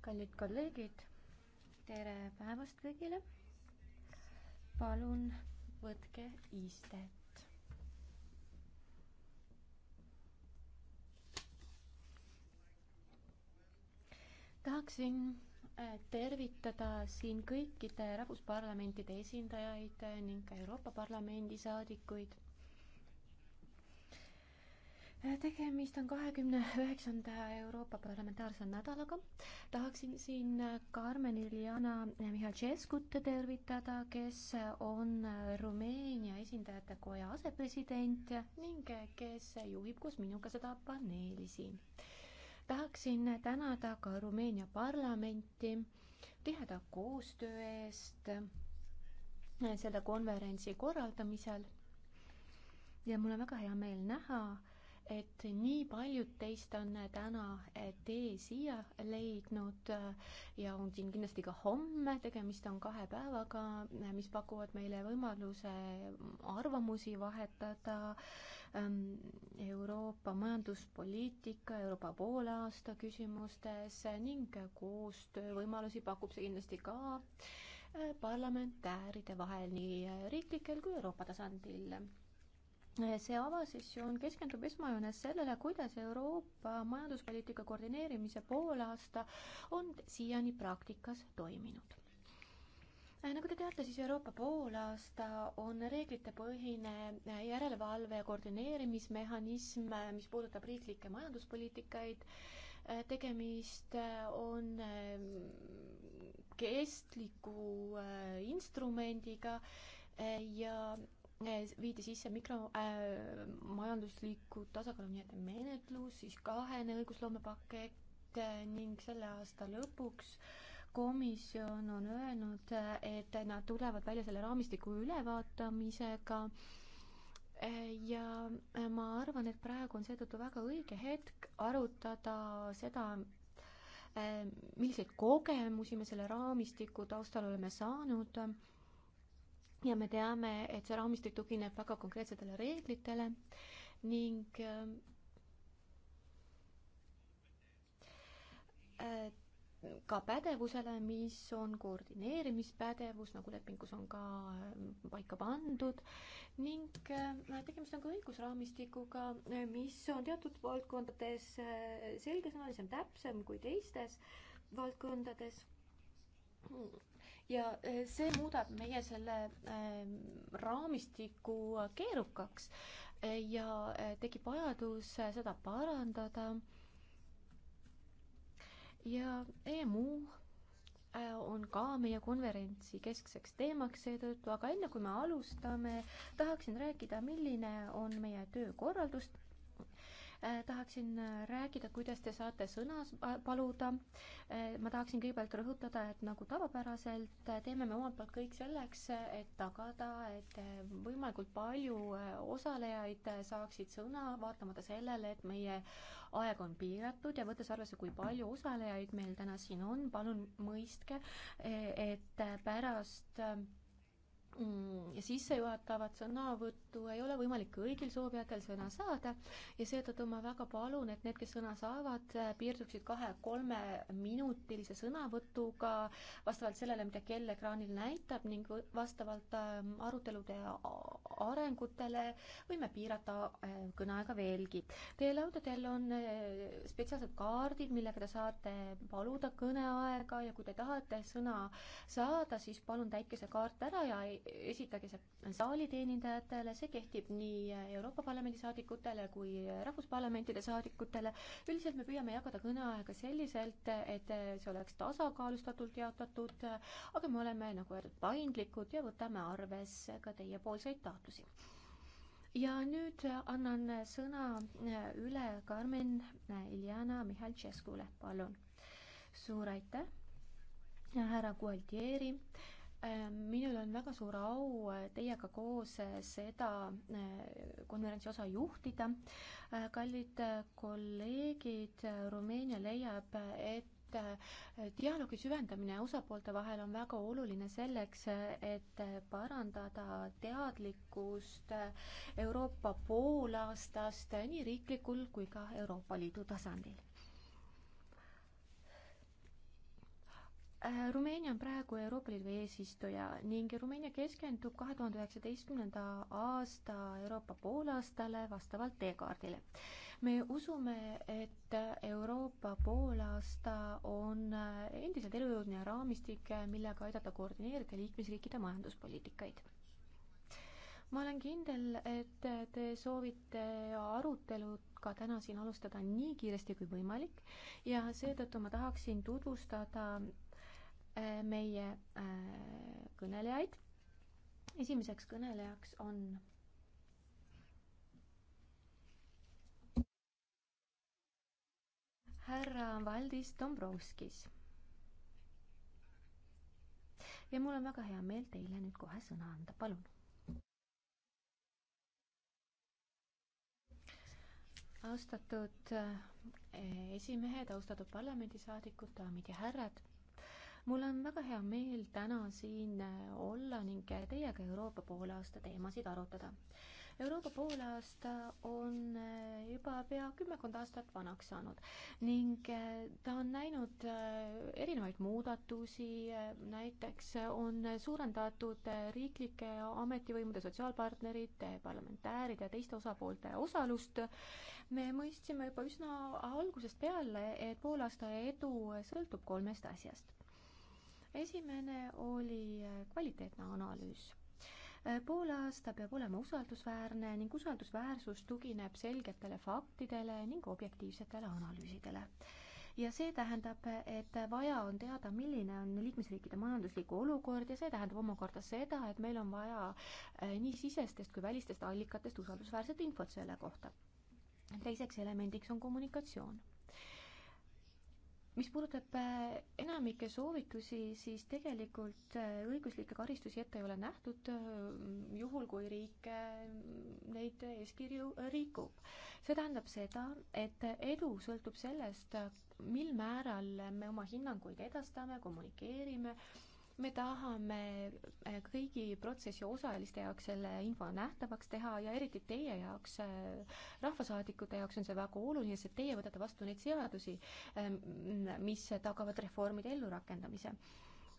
kallid kolleegid, tere päevast kõigile. palun võtke istet. tahaksin äh, tervitada siin kõikide rahvusparlamentide esindajaid ning ka Euroopa Parlamendi saadikuid tegemist on kahekümne üheksanda Euroopa Parlamentaarse Nädalaga. tahaksin siin Carmen Iljana Mihhailtšeskut tervitada, kes on Rumeenia Esindajate Koja asepresident ning kes juhib koos minuga seda paneeli siin. tahaksin tänada ka Rumeenia parlamenti tiheda koostöö eest selle konverentsi korraldamisel ja mul on väga hea meel näha, et nii paljud teist on täna tee siia leidnud ja on siin kindlasti ka homme, tegemist on kahe päevaga, mis pakuvad meile võimaluse arvamusi vahetada ähm, Euroopa majanduspoliitika, Euroopa poolaasta küsimustes ning koostöövõimalusi pakub see kindlasti ka äh, parlamentääride vahel nii äh, riiklikel kui Euroopa tasandil see avasessioon keskendub esmajoones sellele, kuidas Euroopa majanduspoliitika koordineerimise poolaasta on siiani praktikas toiminud äh, nagu te teate, siis Euroopa poolaasta on reeglitepõhine äh, järelevalve ja koordineerimismehhanism, äh, mis puudutab riiklikke majanduspoliitikaid. tegemist on ähm, kestliku instrumendiga ja Eh, viidi sisse mikromajandusliku äh, tasakaalunihete menetlus, siis kahene õigusloomepakett äh, ning selle aasta lõpuks komisjon on öelnud, äh, et nad tulevad välja selle raamistiku ülevaatamisega äh, ja ma arvan, et praegu on seetõttu väga õige hetk arutada seda, milliseid kogemusi me selle raamistiku taustal oleme saanud ja me teame, et see raamistik tugineb väga konkreetsetele reeglitele ning äh, ka pädevusele, mis on koordineerimispädevus, nagu lepingus on ka äh, paika pandud, ning äh, tegemist on ka õigusraamistikuga, mis on teatud valdkondades selgesõnalisem, täpsem kui teistes valdkondades ja eh, see muudab meie selle eh, raamistiku keerukaks eh, ja tekib vajadus seda parandada. ja EMU on ka meie konverentsi keskseks teemaks seetõttu, aga enne kui me alustame, tahaksin rääkida, milline on meie töökorraldust Äh, tahaksin äh, rääkida, kuidas te saate sõna äh, paluda. ma tahaksin kõigepealt rõhutada, et nagu tavapäraselt teeme me omalt poolt kõik selleks, et tagada, et võimalikult palju osalejaid saaksid sõna, vaatamata sellele, et meie aeg on piiratud ja võttes arvesse, kui palju osalejaid meil täna siin on, palun mõistke, et pärast Mm, sissejuhatavat sõnavõttu ei ole võimalik kõigil soovijatel sõna saada ja seetõttu ma väga palun, et need, kes sõna saavad, äh, piirduksid kahe-kolmeminutilise sõnavõtuga vastavalt sellele, mida kell ekraanil näitab ning vastavalt ähm, arutelude arengutele võime piirata äh, kõneaega veelgi. Teie laudadel on äh, spetsiaalsed kaardid, millega te saate paluda kõneaega ja kui te tahate sõna saada, siis palun täitke see kaart ära ja ei esitage see saali teenindajatele, see kehtib nii Euroopa Parlamendi saadikutele kui rahvusparlamentide saadikutele. üldiselt me püüame jagada kõneaega selliselt, et see oleks tasakaalustatult jaotatud, aga me oleme, nagu öeldud, paindlikud ja võtame arvesse ka teiepoolseid taotlusi ja nüüd annan sõna üle Karmen Iljana Mihhailtšeskule, palun. suur aitäh, härra Gualtieri Äh, minul on väga suur au äh, teiega koos äh, seda konverentsi osa juhtida. kallid kolleegid, Rumeenia leiab, et dialoogi süvendamine osapoolte vahel on väga oluline selleks, et parandada teadlikkust Euroopa poolaastast nii riiklikul kui ka Euroopa Liidu tasandil Äh, Rumeenia on praegu Euroopa Liidu eesistuja ning Rumeenia keskendub kahe tuhande üheksateistkümnenda aasta Euroopa poolaastale vastavalt teekaardile. me usume, et Euroopa poolaasta on äh, endiselt elujõudne raamistik, äh, millega aidata koordineerida liikmesriikide majanduspoliitikaid ma olen kindel, et te soovite arutelud ka täna siin alustada nii kiiresti kui võimalik ja seetõttu ma tahaksin tutvustada Äh, meie äh, kõnelejaid. esimeseks kõnelejaks on härra Valdis Dombrovskis. ja mul on väga hea meel teile nüüd kohe sõna anda, palun. austatud äh, esimehed, austatud parlamendisaadikud, daamid ja härrad mul on väga hea meel täna siin äh, olla ning äh, teiega Euroopa poolaasta teemasid arutada. Euroopa poolaasta on äh, juba pea kümmekond aastat vanaks saanud ning ta on näinud erinevaid muudatusi, näiteks on suurendatud riiklike ametivõimude sotsiaalpartnerite, parlamentääride ja teiste osapoolte osalust. me mõistsime juba üsna algusest peale, et poolaasta edu sõltub kolmest asjast esimene oli äh, kvaliteetne analüüs äh, poole aasta peab olema usaldusväärne ning usaldusväärsus tugineb selgetele faktidele ning objektiivsetele analüüsidele. ja see tähendab, et vaja on teada, milline on liikmesriikide majanduslik olukord ja see tähendab omakorda seda, et meil on vaja äh, nii sisestest kui välistest allikatest usaldusväärset infot selle kohta. teiseks elemendiks on kommunikatsioon mis puudutab äh, enamike soovitusi, siis tegelikult äh, õiguslikke karistusi ette ei ole nähtud, äh, juhul kui riik neid eeskirju rikub. see tähendab seda, et edu sõltub sellest, mil määral me oma hinnanguid edastame, kommunikeerime me tahame äh, kõigi protsessi osaliste jaoks selle info nähtavaks teha ja eriti teie jaoks, äh, rahvasaadikute jaoks on see väga oluline, sest teie võtate vastu neid seadusi, ähm, mis tagavad reformide ellurakendamise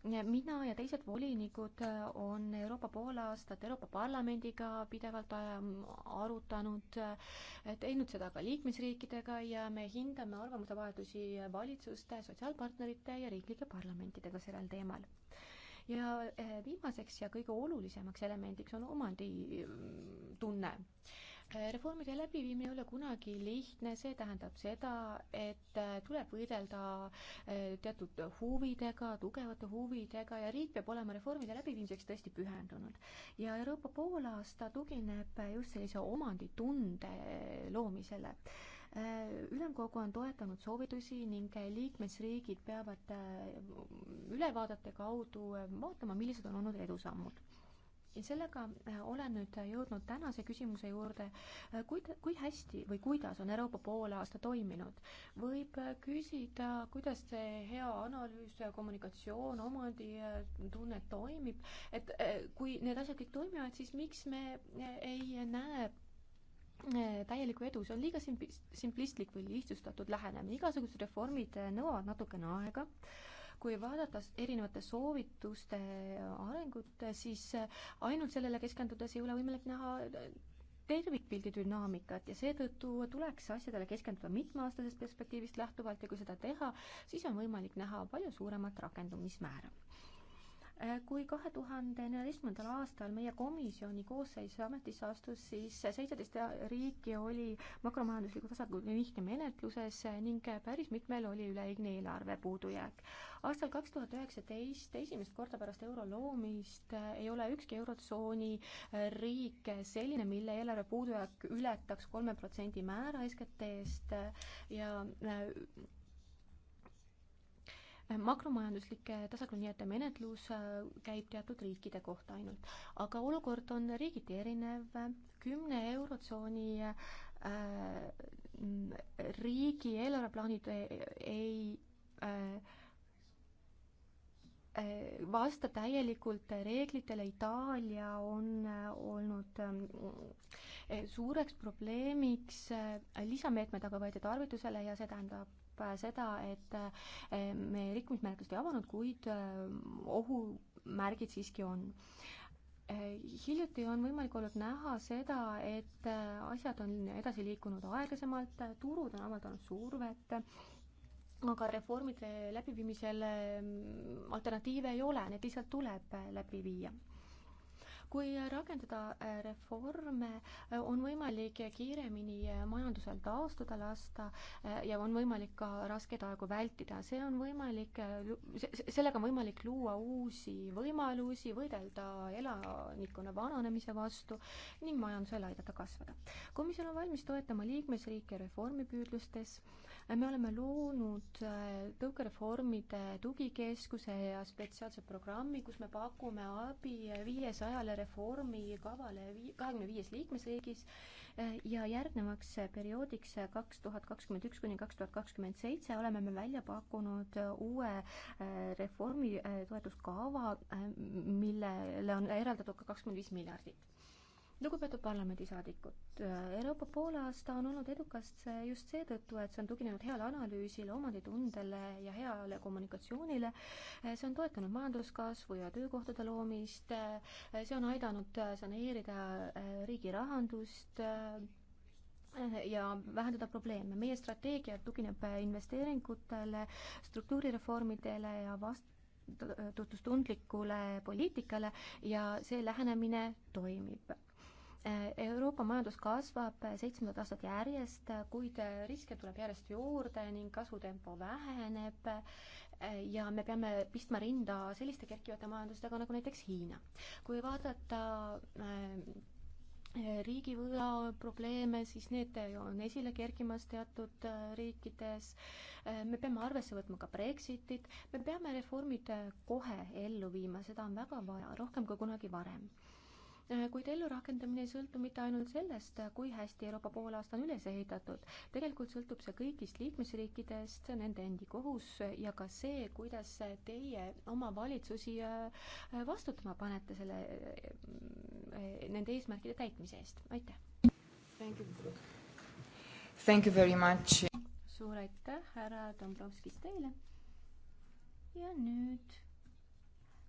mina ja teised volinikud äh, on Euroopa poolaastat Euroopa Parlamendiga pidevalt ähm, arutanud, äh, teinud seda ka liikmesriikidega ja me hindame arvamusevahetusi valitsuste, sotsiaalpartnerite ja riiklike parlamentidega sellel teemal ja äh, viimaseks ja kõige olulisemaks elemendiks on omanditunne reformide läbiviimine ei ole kunagi lihtne, see tähendab seda, et äh, tuleb võidelda äh, teatud huvidega, tugevate huvidega ja riik peab olema reformide läbiviimiseks tõesti pühendunud. ja Euroopa poolaasta tugineb just sellise omanditunde äh, loomisele ülemkogu on toetanud soovitusi ning liikmesriigid peavad ülevaadete kaudu vaatama, millised on olnud edusammud sellega äh, olen nüüd jõudnud tänase küsimuse juurde, äh, kuid, kui hästi või kuidas on Euroopa poolaasta toiminud? võib äh, küsida, kuidas see hea analüüs, kommunikatsioon, omanditunne toimib, et kui need asjad kõik toimivad, siis miks me ei näe täielikku edu, see on liiga simplistlik või lihtsustatud lähenemine, igasugused reformid nõuavad natukene aega äh,, kui vaadata erinevate soovituste arengut, siis äh, ainult sellele keskendudes ei ole võimalik näha äh, tervikpildi dünaamikat ja seetõttu tuleks asjadele keskenduda mitmeaastasest perspektiivist lähtuvalt ja kui seda teha, siis on võimalik näha palju suuremat rakendumismäära. Äh, kui kahe tuhande neljateistkümnendal aastal meie komisjoni koosseis ametisse astus, siis seitseteist riiki oli makromajandusliku tasakaalu nihke menetluses ning päris mitmel oli üleliigne eelarve puudujääk. aastal kaks tuhat üheksateist, esimest korda pärast euro loomist, ei ole ükski Eurotsooni riik selline, mille eelarve puudujääk ületaks kolme protsendi määra SKT-st ja äh, Äh, makromajanduslike tasakaalunijate menetlus äh, käib teatud riikide kohta ainult, aga olukord on riigiti erinev, kümne eurotsooni äh, mm, riigi eelarveplaanid äh, ei äh, vasta täielikult reeglitele, Itaalia on olnud ähm, suureks probleemiks, lisameetmed aga võeti tarvitusele ja see tähendab seda, et eh, me rikkumismenetlust ei avanud, kuid eh, ohumärgid siiski on eh, hiljuti on võimalik olnud näha seda, et asjad on edasi liikunud aeglasemalt, turud on avaldanud survet, aga reformide läbiviimisel mm, alternatiive ei ole, need lihtsalt tuleb läbi viia kui rakendada äh, reforme, äh, on võimalik kiiremini äh, majandusel taastuda lasta ja on võimalik ka raskeid aegu vältida, see on võimalik, sellega on võimalik luua uusi võimalusi, võidelda elanikkonna vananemise vastu ning majandusele aidata kasvada. komisjon on valmis toetama liikmesriike reformipüüdlustes, me oleme loonud tõukereformide tugikeskuse ja spetsiaalse programmi, kus me pakume abi viiesajale reformi kavale kahekümne viies liikmesriigis eh, ja järgnevaks eh, perioodiks eh, kaks tuhat kakskümmend üks kuni kaks tuhat kakskümmend seitse oleme me välja pakkunud uue reformi toetuskava, millele on eraldatud ka kakskümmend viis miljardit lugupeetud parlamendisaadikud, äh, Euroopa poolaasta on olnud edukas äh, just seetõttu, et see on tuginenud heale analüüsile, omanditundele ja heale kommunikatsioonile. Äh, see on toetanud majanduskasvu ja töökohtade loomist, see on aidanud saneerida riigi rahandust ja vähendada probleeme. meie strateegia tugineb investeeringutele, struktuurireformidele ja vast-, tutustundlikule poliitikale ja see lähenemine toimib Äh, Euroopa majandus kasvab äh, seitsmendat aastat järjest, äh, kuid riske tuleb järjest juurde ning kasvutempo väheneb ja me peame pistma rinda selliste kerkivate majandustega nagu näiteks Hiina. kui vaadata riigivõla probleeme, siis need on esile kerkimas teatud riikides. me peame arvesse võtma ka Brexitit, me peame reformid kohe ellu viima, seda on väga vaja, rohkem kui kunagi varem Äh, kuid ellurakendamine ei sõltu mitte ainult sellest, kui hästi Euroopa poolaasta on üles ehitatud. tegelikult sõltub see kõigist liikmesriikidest, nende endi kohus ja ka see, kuidas teie oma valitsusi äh, vastutama panete selle, äh, nende eesmärkide täitmise eest. aitäh! Thank you very much! suur aitäh, härra Dombrovskis teile! ja nüüd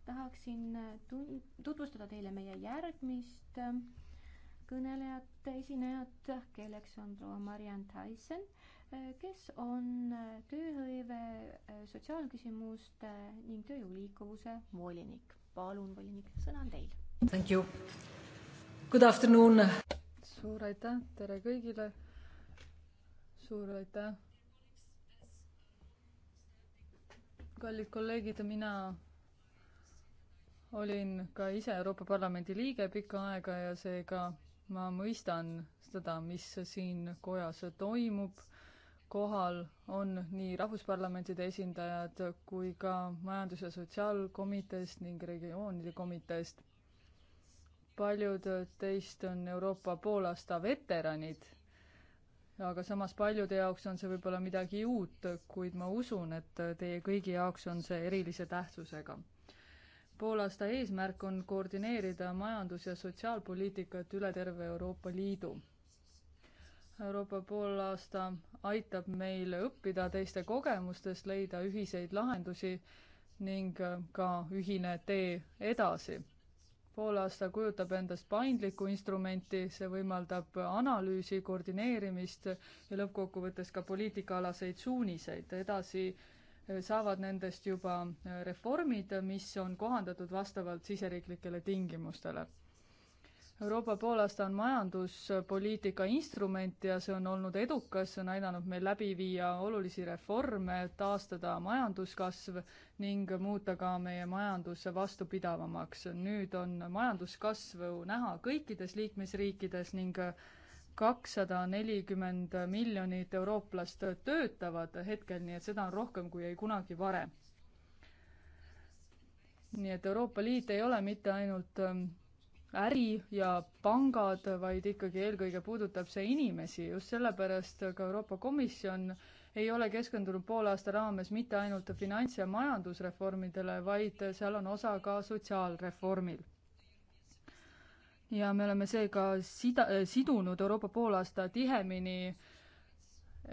tahaksin äh, tun-, tutvustada teile meie järgmist äh, kõnelejat, esinejat, kelleks on proua Mariann Tyson, äh, kes on tööhõive, sotsiaalküsimuste ning tööjõu liikuvuse volinik. palun, volinik, sõna on teil. Thank you. Good afternoon. suur aitäh, tere kõigile. suur aitäh. kallid kolleegid, mina olin ka ise Euroopa Parlamendi liige pikka aega ja seega ma mõistan seda, mis siin kojas toimub. kohal on nii rahvusparlamentide esindajad kui ka Majandus- ja Sotsiaalkomiteest ning Regioonide Komiteest. paljud teist on Euroopa poolaasta veteranid, aga samas paljude jaoks on see võib-olla midagi uut, kuid ma usun, et teie kõigi jaoks on see erilise tähtsusega poolaasta eesmärk on koordineerida majandus- ja sotsiaalpoliitikat üle terve Euroopa Liidu. Euroopa poolaasta aitab meil õppida teiste kogemustest, leida ühiseid lahendusi ning äh, ka ühine tee edasi. poolaasta kujutab endast paindlikku instrumenti, see võimaldab analüüsi, koordineerimist ja lõppkokkuvõttes ka poliitikaalaseid suuniseid edasi saavad nendest juba äh, reformid, mis on kohandatud vastavalt siseriiklikele tingimustele. Euroopa poolaasta on majanduspoliitika instrument ja see on olnud edukas, see on aidanud meil läbi viia olulisi reforme, taastada majanduskasv ning muuta ka meie majanduse vastupidavamaks. nüüd on majanduskasvu näha kõikides liikmesriikides ning kakssada nelikümmend miljonit eurooplast töötavad hetkel, nii et seda on rohkem kui ei kunagi varem. nii et Euroopa Liit ei ole mitte ainult ähm, äri ja pangad, vaid ikkagi eelkõige puudutab see inimesi, just sellepärast ka Euroopa Komisjon ei ole keskendunud poole aasta raames mitte ainult finants- ja majandusreformidele, vaid seal on osa ka sotsiaalreformil ja me oleme seega sida, äh, sidunud Euroopa poolaasta tihemini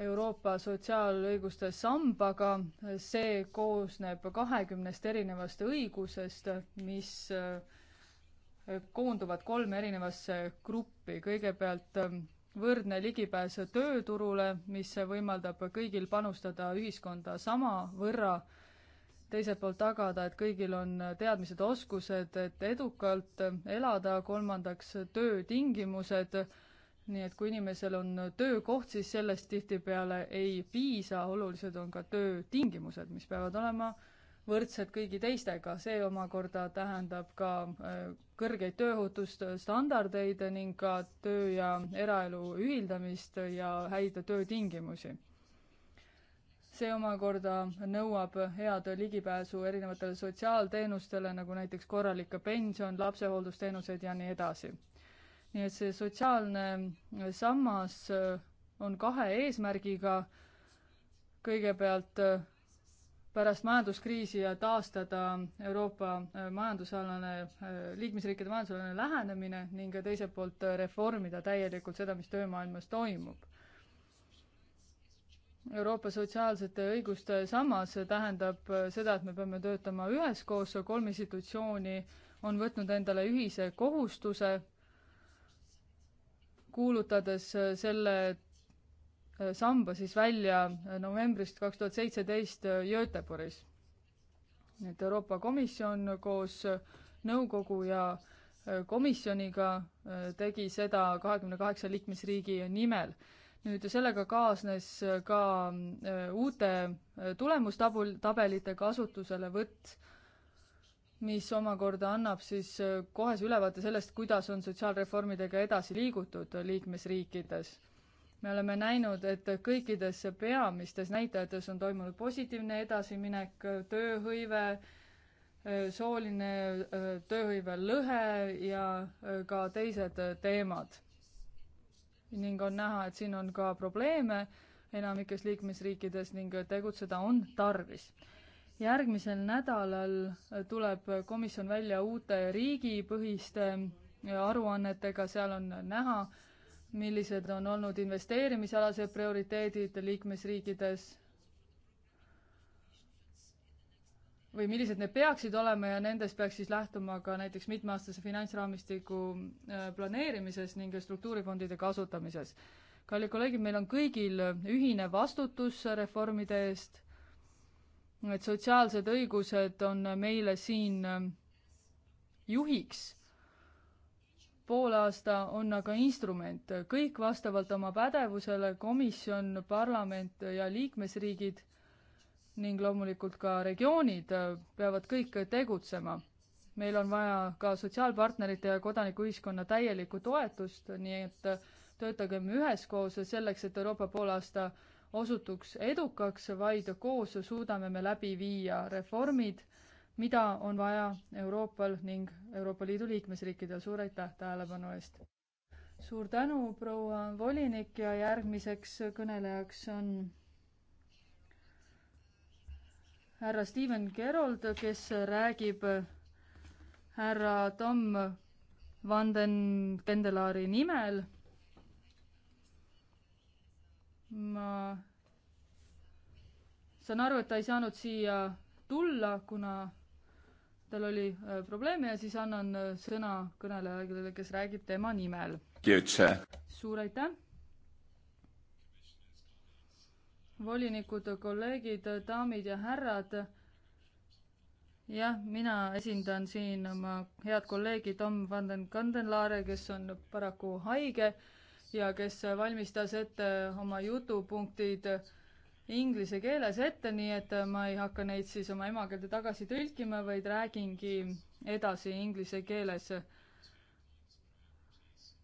Euroopa sotsiaalõiguste sambaga, see koosneb kahekümnest erinevast õigusest, mis äh, koonduvad kolme erinevasse gruppi, kõigepealt äh, võrdne ligipääs tööturule, mis võimaldab kõigil panustada ühiskonda sama võrra teiselt poolt tagada, et kõigil on teadmised, oskused, et edukalt elada, kolmandaks töötingimused, nii et kui inimesel on töökoht, siis sellest tihtipeale ei piisa, olulised on ka töötingimused, mis peavad olema võrdsed kõigi teistega, see omakorda tähendab ka äh, kõrgeid tööohutusstandardeid ning ka töö ja eraelu ühildamist ja häid töötingimusi see omakorda nõuab head ligipääsu erinevatele sotsiaalteenustele, nagu näiteks korralik pension, lapsehooldusteenused ja nii edasi. nii et see sotsiaalne sammas äh, on kahe eesmärgiga, kõigepealt äh, pärast majanduskriisi ja taastada Euroopa äh, majandusalane, liikmesriikide majandusalane lähenemine ning teiselt poolt reformida täielikult seda, mis töömaailmas toimub Euroopa sotsiaalsete õiguste sammas tähendab seda, et me peame töötama üheskoos, kolm institutsiooni on võtnud endale ühise kohustuse, kuulutades selle äh, samba siis välja novembrist kaks tuhat seitseteist Göteborgis. et Euroopa Komisjon koos nõukogu ja äh, komisjoniga äh, tegi seda kahekümne kaheksa liikmesriigi nimel nüüd sellega kaasnes ka äh, uute äh, tulemustabul, tabelite kasutuselevõtt, mis omakorda annab siis äh, kohese ülevaate sellest, kuidas on sotsiaalreformidega edasi liigutud liikmesriikides. me oleme näinud, et kõikides peamistes näitajates on toimunud positiivne edasiminek, tööhõive, sooline tööhõive lõhe ja ka teised teemad ning on näha, et siin on ka probleeme enamikes liikmesriikides ning tegutseda on tarvis. järgmisel nädalal tuleb komisjon välja uute riigipõhiste aruannetega, seal on näha, millised on olnud investeerimisalased prioriteedid liikmesriikides või millised need peaksid olema ja nendest peaks siis lähtuma ka näiteks mitmeaastase finantsraamistiku äh, planeerimises ning struktuurifondide kasutamises. kallid kolleegid, meil on kõigil ühine vastutus reformide eest, et sotsiaalsed õigused on meile siin äh, juhiks, poolaasta on aga instrument, kõik vastavalt oma pädevusele, komisjon, parlament ja liikmesriigid ning loomulikult ka regioonid äh, peavad kõik tegutsema. meil on vaja ka sotsiaalpartnerite ja kodanikuühiskonna täielikku toetust, nii et äh, töötagem üheskoos selleks, et Euroopa poolaasta osutuks edukaks, vaid koos suudame me läbi viia reformid, mida on vaja Euroopal ning Euroopa Liidu liikmesriikidel. suur aitäh tähelepanu eest! suur tänu, proua volinik ja järgmiseks kõnelejaks on härra Steven Gerold, kes räägib härra Tom Vanden Kendelaari nimel. ma saan aru, et ta ei saanud siia tulla, kuna tal oli äh, probleeme ja siis annan äh, sõna kõnelejale, kes räägib tema nimel. suur aitäh volinikud, kolleegid, daamid ja härrad. jah, mina esindan siin oma head kolleegi Tom van den Kandenlaare, kes on paraku haige ja kes valmistas ette oma jutupunktid inglise keeles ette, nii et ma ei hakka neid siis oma emakeelde tagasi tõlkima, vaid räägingi edasi inglise keeles.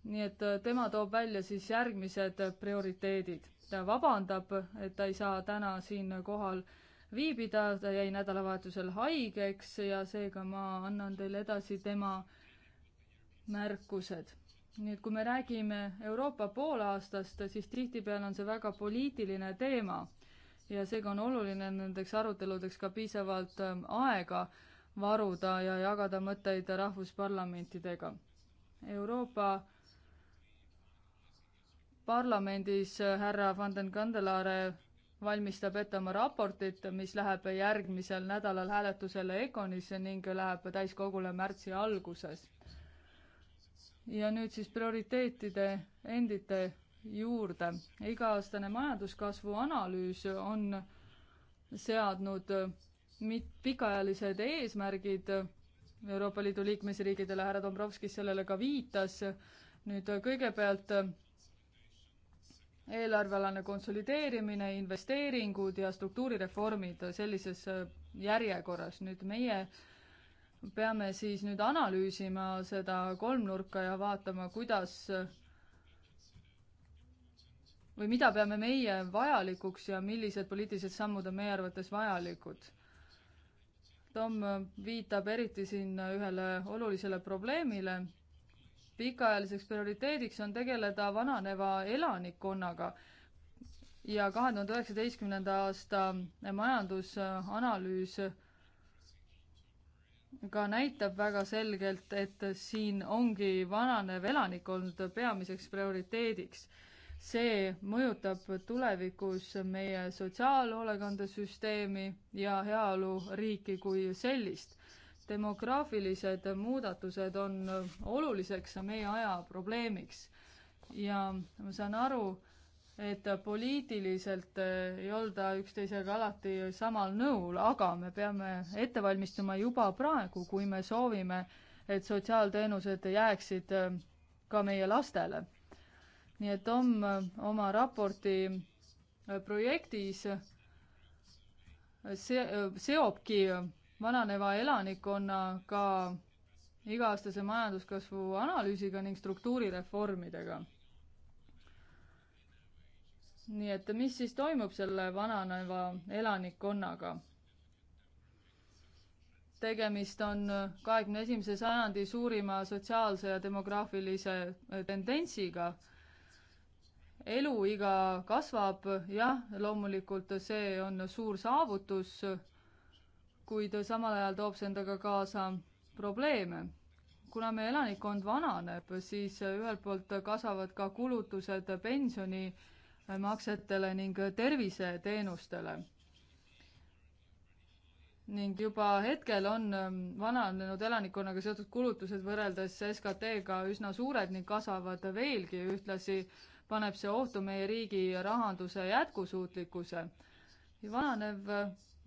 nii et tema toob välja siis järgmised prioriteedid ta vabandab, et ta ei saa täna siin kohal viibida, ta jäi nädalavahetusel haigeks ja seega ma annan teile edasi tema märkused. nii et kui me räägime Euroopa poolaastast, siis tihtipeale on see väga poliitiline teema ja seega on oluline nendeks aruteludeks ka piisavalt ähm, aega varuda ja jagada mõtteid rahvusparlamentidega. Euroopa parlamendis äh, härra Van den Kandelaare valmistab ette oma raportit, mis läheb järgmisel nädalal hääletusele Econisse ning läheb täiskogule märtsi alguses. ja nüüd siis prioriteetide endite juurde. iga-aastane majanduskasvu analüüs on seadnud äh, mit-, pikaajalised eesmärgid Euroopa Liidu liikmesriigidele, härra Dombrovskis sellele ka viitas, nüüd äh, kõigepealt eelarvealane konsolideerimine, investeeringud ja struktuurireformid sellises äh, järjekorras. nüüd meie peame siis nüüd analüüsima seda kolmnurka ja vaatama, kuidas äh, või mida peame meie vajalikuks ja millised poliitilised sammud on meie arvates vajalikud. Tom äh, viitab eriti siin ühele olulisele probleemile pikaajaliseks prioriteediks on tegeleda vananeva elanikkonnaga ja kahe tuhande üheksateistkümnenda aasta majandusanalüüs ka näitab väga selgelt, et siin ongi vananev elanikkond peamiseks prioriteediks. see mõjutab tulevikus meie sotsiaalhoolekandesüsteemi ja heaoluriiki kui sellist demograafilised muudatused on oluliseks meie aja probleemiks. ja ma saan aru, et poliitiliselt eh, ei olda üksteisega alati samal nõul, aga me peame ette valmistuma juba praegu, kui me soovime, et sotsiaalteenused jääksid eh, ka meie lastele. nii et Tom eh, oma raporti projektis se-, seobki vananeva elanikkonnaga, iga-aastase majanduskasvu analüüsiga ning struktuurireformidega. nii et mis siis toimub selle vananeva elanikkonnaga? tegemist on kahekümne esimese sajandi suurima sotsiaalse ja demograafilise äh, tendentsiga. eluiga kasvab, jah, loomulikult see on suur saavutus kuid samal ajal toob see endaga kaasa probleeme. kuna meie elanikkond vananeb, siis ühelt poolt kasvavad ka kulutused pensionimaksetele ning terviseteenustele. ning juba hetkel on vananenud elanikkonnaga seotud kulutused võrreldes SKT-ga üsna suured ning kasvavad veelgi, ühtlasi paneb see ohtu meie riigi rahanduse jätkusuutlikkuse. vananev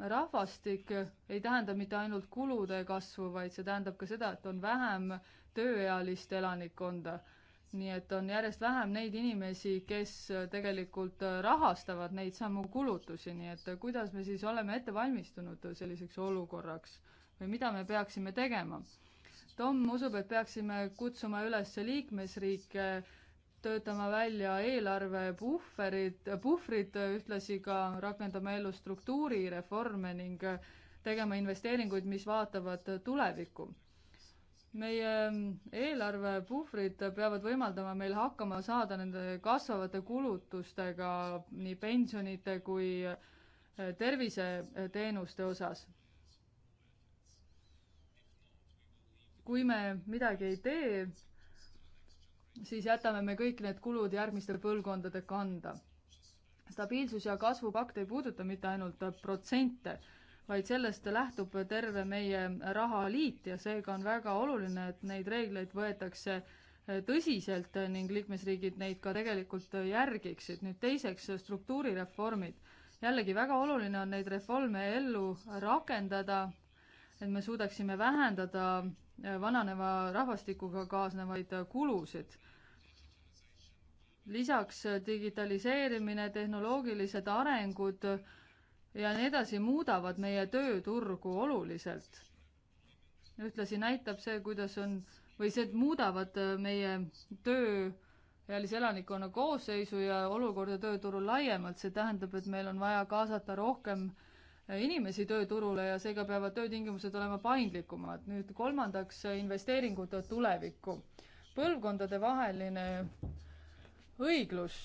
rahvastik ei tähenda mitte ainult kulude kasvu, vaid see tähendab ka seda, et on vähem tööealist elanikkonda. nii et on järjest vähem neid inimesi, kes tegelikult rahastavad neid samu kulutusi, nii et kuidas me siis oleme ette valmistunud selliseks olukorraks või mida me peaksime tegema? Tom usub, et peaksime kutsuma üles liikmesriike äh, töötama välja eelarvepuhverid, puhvrid, ühtlasi ka rakendama ellu struktuurireforme ning tegema investeeringuid, mis vaatavad tulevikku. meie eelarvepuhvrid peavad võimaldama meil hakkama saada nende kasvavate kulutustega nii pensionite kui terviseteenuste osas. kui me midagi ei tee, siis jätame me kõik need kulud järgmiste põlvkondade kanda. stabiilsus ja kasvupakt ei puuduta mitte ainult protsente, vaid sellest lähtub terve meie rahaliit ja seega on väga oluline, et neid reegleid võetakse tõsiselt ning liikmesriigid neid ka tegelikult järgiksid. nüüd teiseks, struktuurireformid. jällegi väga oluline on neid reforme ellu rakendada, et me suudaksime vähendada Äh, vananeva rahvastikuga kaasnevaid äh, kulusid. lisaks äh, digitaliseerimine, tehnoloogilised arengud ja nii edasi muudavad meie tööturgu oluliselt. ühtlasi näitab see, kuidas on või see muudavad meie tööealise elanikkonna koosseisu ja olukorda tööturul laiemalt, see tähendab, et meil on vaja kaasata rohkem äh, inimesi tööturule ja seega peavad töötingimused olema paindlikumad. nüüd kolmandaks, investeeringud tulevikku. põlvkondadevaheline õiglus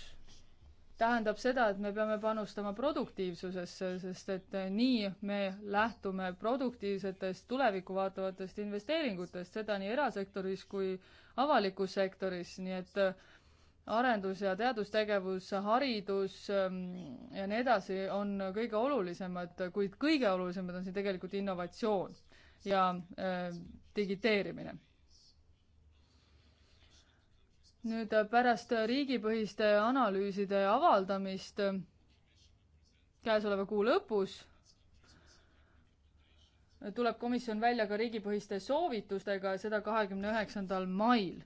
tähendab seda, et me peame panustama produktiivsusesse, sest et nii me lähtume produktiivsetest, tulevikku vaatavatest investeeringutest, seda nii erasektoris kui avalikus sektoris, nii et äh, arendus- ja teadustegevus, haridus ähm, ja nii edasi on kõige olulisemad, kuid kõige olulisemad on siin tegelikult innovatsioon ja äh, digiteerimine. nüüd äh, pärast riigipõhiste analüüside avaldamist äh, käesoleva kuu lõpus tuleb komisjon välja ka riigipõhiste soovitustega, seda kahekümne üheksandal mail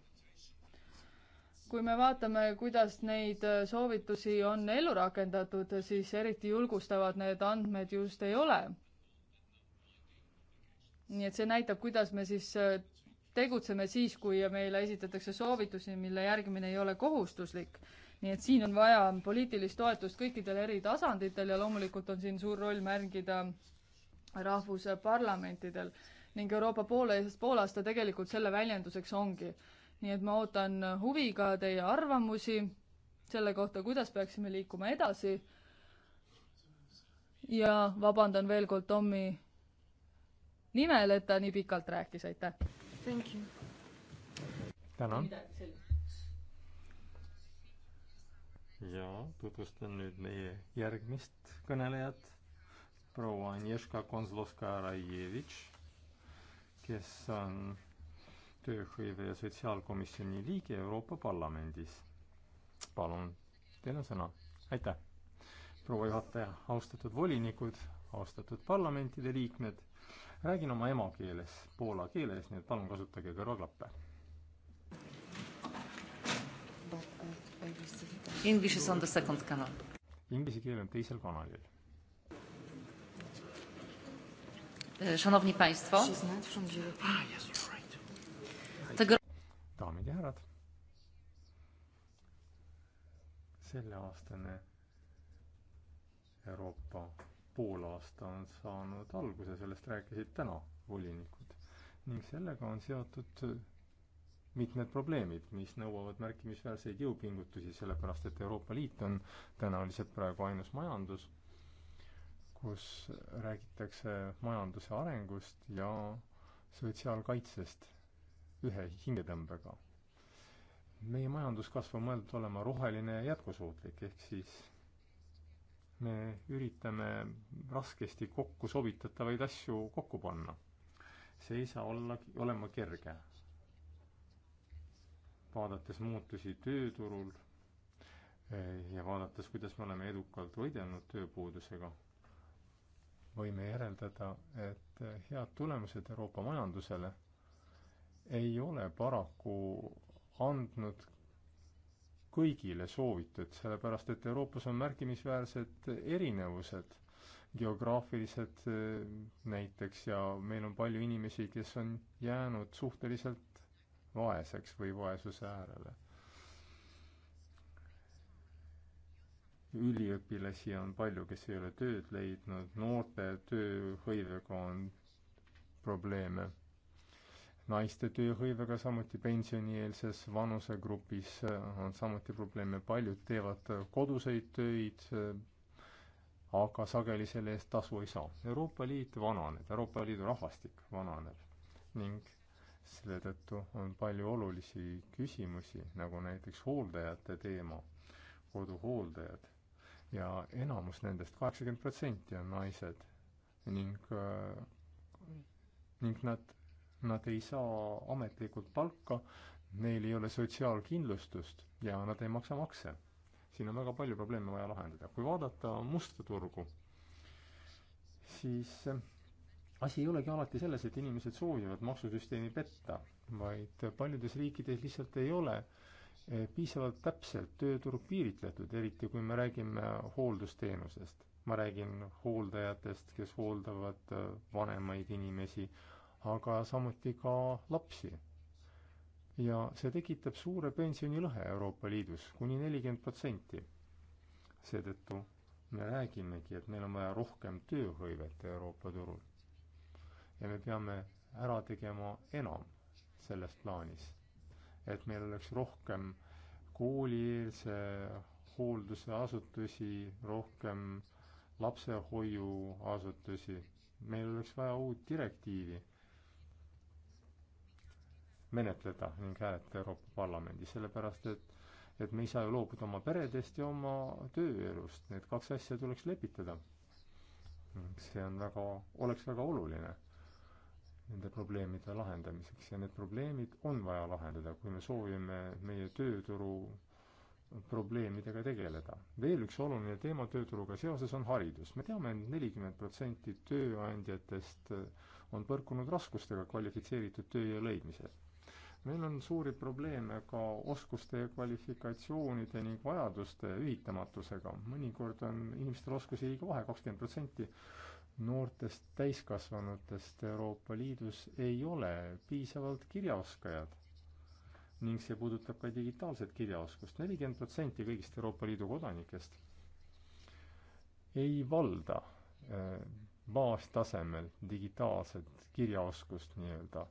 kui me vaatame, kuidas neid äh, soovitusi on ellu rakendatud, siis eriti julgustavad need andmed just ei ole. nii et see näitab, kuidas me siis äh, tegutseme siis, kui meile esitatakse soovitusi, mille järgimine ei ole kohustuslik. nii et siin on vaja poliitilist toetust kõikidel eri tasanditel ja loomulikult on siin suur roll mängida rahvusparlamentidel ning Euroopa poole, poolaasta tegelikult selle väljenduseks ongi nii et ma ootan huviga teie arvamusi selle kohta, kuidas peaksime liikuma edasi. ja vabandan veel kord Tommi nimel, et ta nii pikalt rääkis, aitäh! tänan! ja tutvustan nüüd meie järgmist kõnelejat, proua Anježka Konzlovka-Rajevitš, kes on tööhõive ja sotsiaalkomisjoni liige Euroopa Parlamendis. palun, teil on sõna. aitäh, proua juhataja, austatud volinikud, austatud parlamentide liikmed, räägin oma emakeeles, poola keeles, nii et palun kasutage kõrvaklappe. English is on the second canal. Inglise keel on teisel kanalil Szanowni Państwo, daamid ja härrad, selleaastane Euroopa poolaasta on saanud alguse, sellest rääkisid täna volinikud ning sellega on seotud mitmed probleemid, mis nõuavad märkimisväärseid jõupingutusi, sellepärast et Euroopa Liit on tõenäoliselt praegu ainus majandus, kus räägitakse majanduse arengust ja sotsiaalkaitsest ühe hingetõmbega. meie majanduskasv on mõeldud olema roheline ja jätkusuutlik, ehk siis me üritame raskesti kokku sobitatavaid asju kokku panna. see ei saa olla, olema kerge. vaadates muutusi tööturul eh, ja vaadates, kuidas me oleme edukalt võidelnud tööpuudusega, võime järeldada, et eh, head tulemused Euroopa majandusele ei ole paraku andnud kõigile soovitud, sellepärast et Euroopas on märkimisväärsed erinevused, geograafilised eh, näiteks, ja meil on palju inimesi, kes on jäänud suhteliselt vaeseks või vaesuse äärele. üliõpilasi on palju, kes ei ole tööd leidnud, noorte tööhõivega on probleeme naiste tööhõivega, samuti pensionieelses vanusegrupis äh, on samuti probleeme, paljud teevad äh, koduseid töid, äh, aga sageli selle eest tasu ei saa. Euroopa Liit vananeb, Euroopa Liidu rahvastik vananeb ning selle tõttu on palju olulisi küsimusi, nagu näiteks hooldajate teema, koduhooldajad, ja enamus nendest, kaheksakümmend protsenti, on naised ning ning nad nad ei saa ametlikult palka, neil ei ole sotsiaalkindlustust ja nad ei maksa makse. siin on väga palju probleeme vaja lahendada. kui vaadata musta turgu, siis eh, asi ei olegi alati selles, et inimesed soovivad maksusüsteemi petta, vaid paljudes riikides lihtsalt ei ole eh, piisavalt täpselt tööturg piiritletud, eriti kui me räägime hooldusteenusest. ma räägin hooldajatest, kes hooldavad eh, vanemaid inimesi aga samuti ka lapsi. ja see tekitab suure pensionilõhe Euroopa Liidus, kuni nelikümmend protsenti. seetõttu me räägimegi, et meil on vaja rohkem tööhõivet Euroopa turul. ja me peame ära tegema enam selles plaanis, et meil oleks rohkem koolieelse hoolduse asutusi, rohkem lapsehoiuasutusi, meil oleks vaja uut direktiivi menetleda ning hääletada Euroopa Parlamendis, sellepärast et et me ei saa ju loobuda oma peredest ja oma tööelust, need kaks asja tuleks lepitada. see on väga, oleks väga oluline nende probleemide lahendamiseks ja need probleemid on vaja lahendada, kui me soovime meie tööturu probleemidega tegeleda. veel üks oluline teema tööturuga seoses on haridus. me teame et, et nelikümmend protsenti tööandjatest on põrkunud raskustega kvalifitseeritud tööjõu leidmisel meil on suuri probleeme ka oskuste ja kvalifikatsioonide ning vajaduste ühitamatusega. mõnikord on inimestel oskusi liiga vahe, kakskümmend protsenti noortest täiskasvanutest Euroopa Liidus ei ole piisavalt kirjaoskajad ning see puudutab ka digitaalset kirjaoskust. nelikümmend protsenti kõigist Euroopa Liidu kodanikest ei valda äh, baastasemel digitaalset kirjaoskust nii-öelda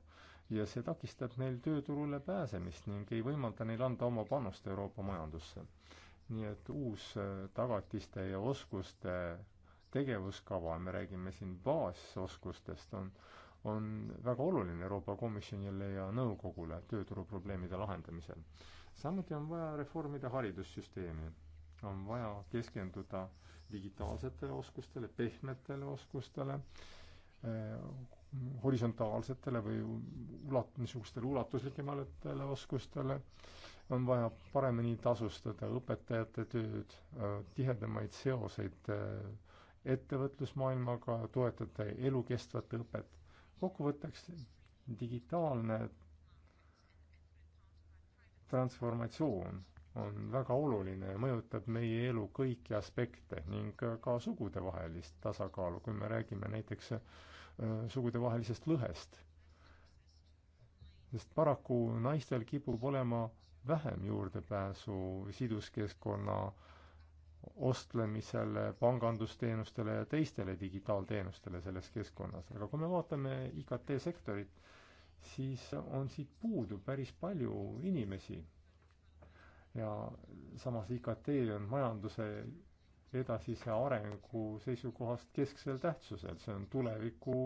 ja see takistab neil tööturule pääsemist ning ei võimalda neil anda oma panust Euroopa majandusse. nii et uus äh, tagatiste ja oskuste tegevuskava, me räägime siin baasoskustest, on, on väga oluline Euroopa Komisjonile ja nõukogule tööturuprobleemide lahendamisel. samuti on vaja reformida haridussüsteemi. on vaja keskenduda digitaalsetele oskustele, pehmetele oskustele, äh, horisontaalsetele või ulat-, niisugustele ulatuslikimatele oskustele, on vaja paremini tasustada õpetajate tööd, tihedamaid seoseid äh, ettevõtlusmaailmaga, toetada elukestvat õpet. kokkuvõtteks, digitaalne transformatsioon on väga oluline ja mõjutab meie elu kõiki aspekte ning ka sugudevahelist tasakaalu, kui me räägime näiteks Äh, sugudevahelisest lõhest. sest paraku naistel kipub olema vähem juurdepääsu siduskeskkonna ostlemisele, pangandusteenustele ja teistele digitaalteenustele selles keskkonnas, aga kui me vaatame IKT sektorit, siis on siit puudu päris palju inimesi. ja samas IKT on majanduse edasise arengu seisukohast kesksel tähtsusel, see on tuleviku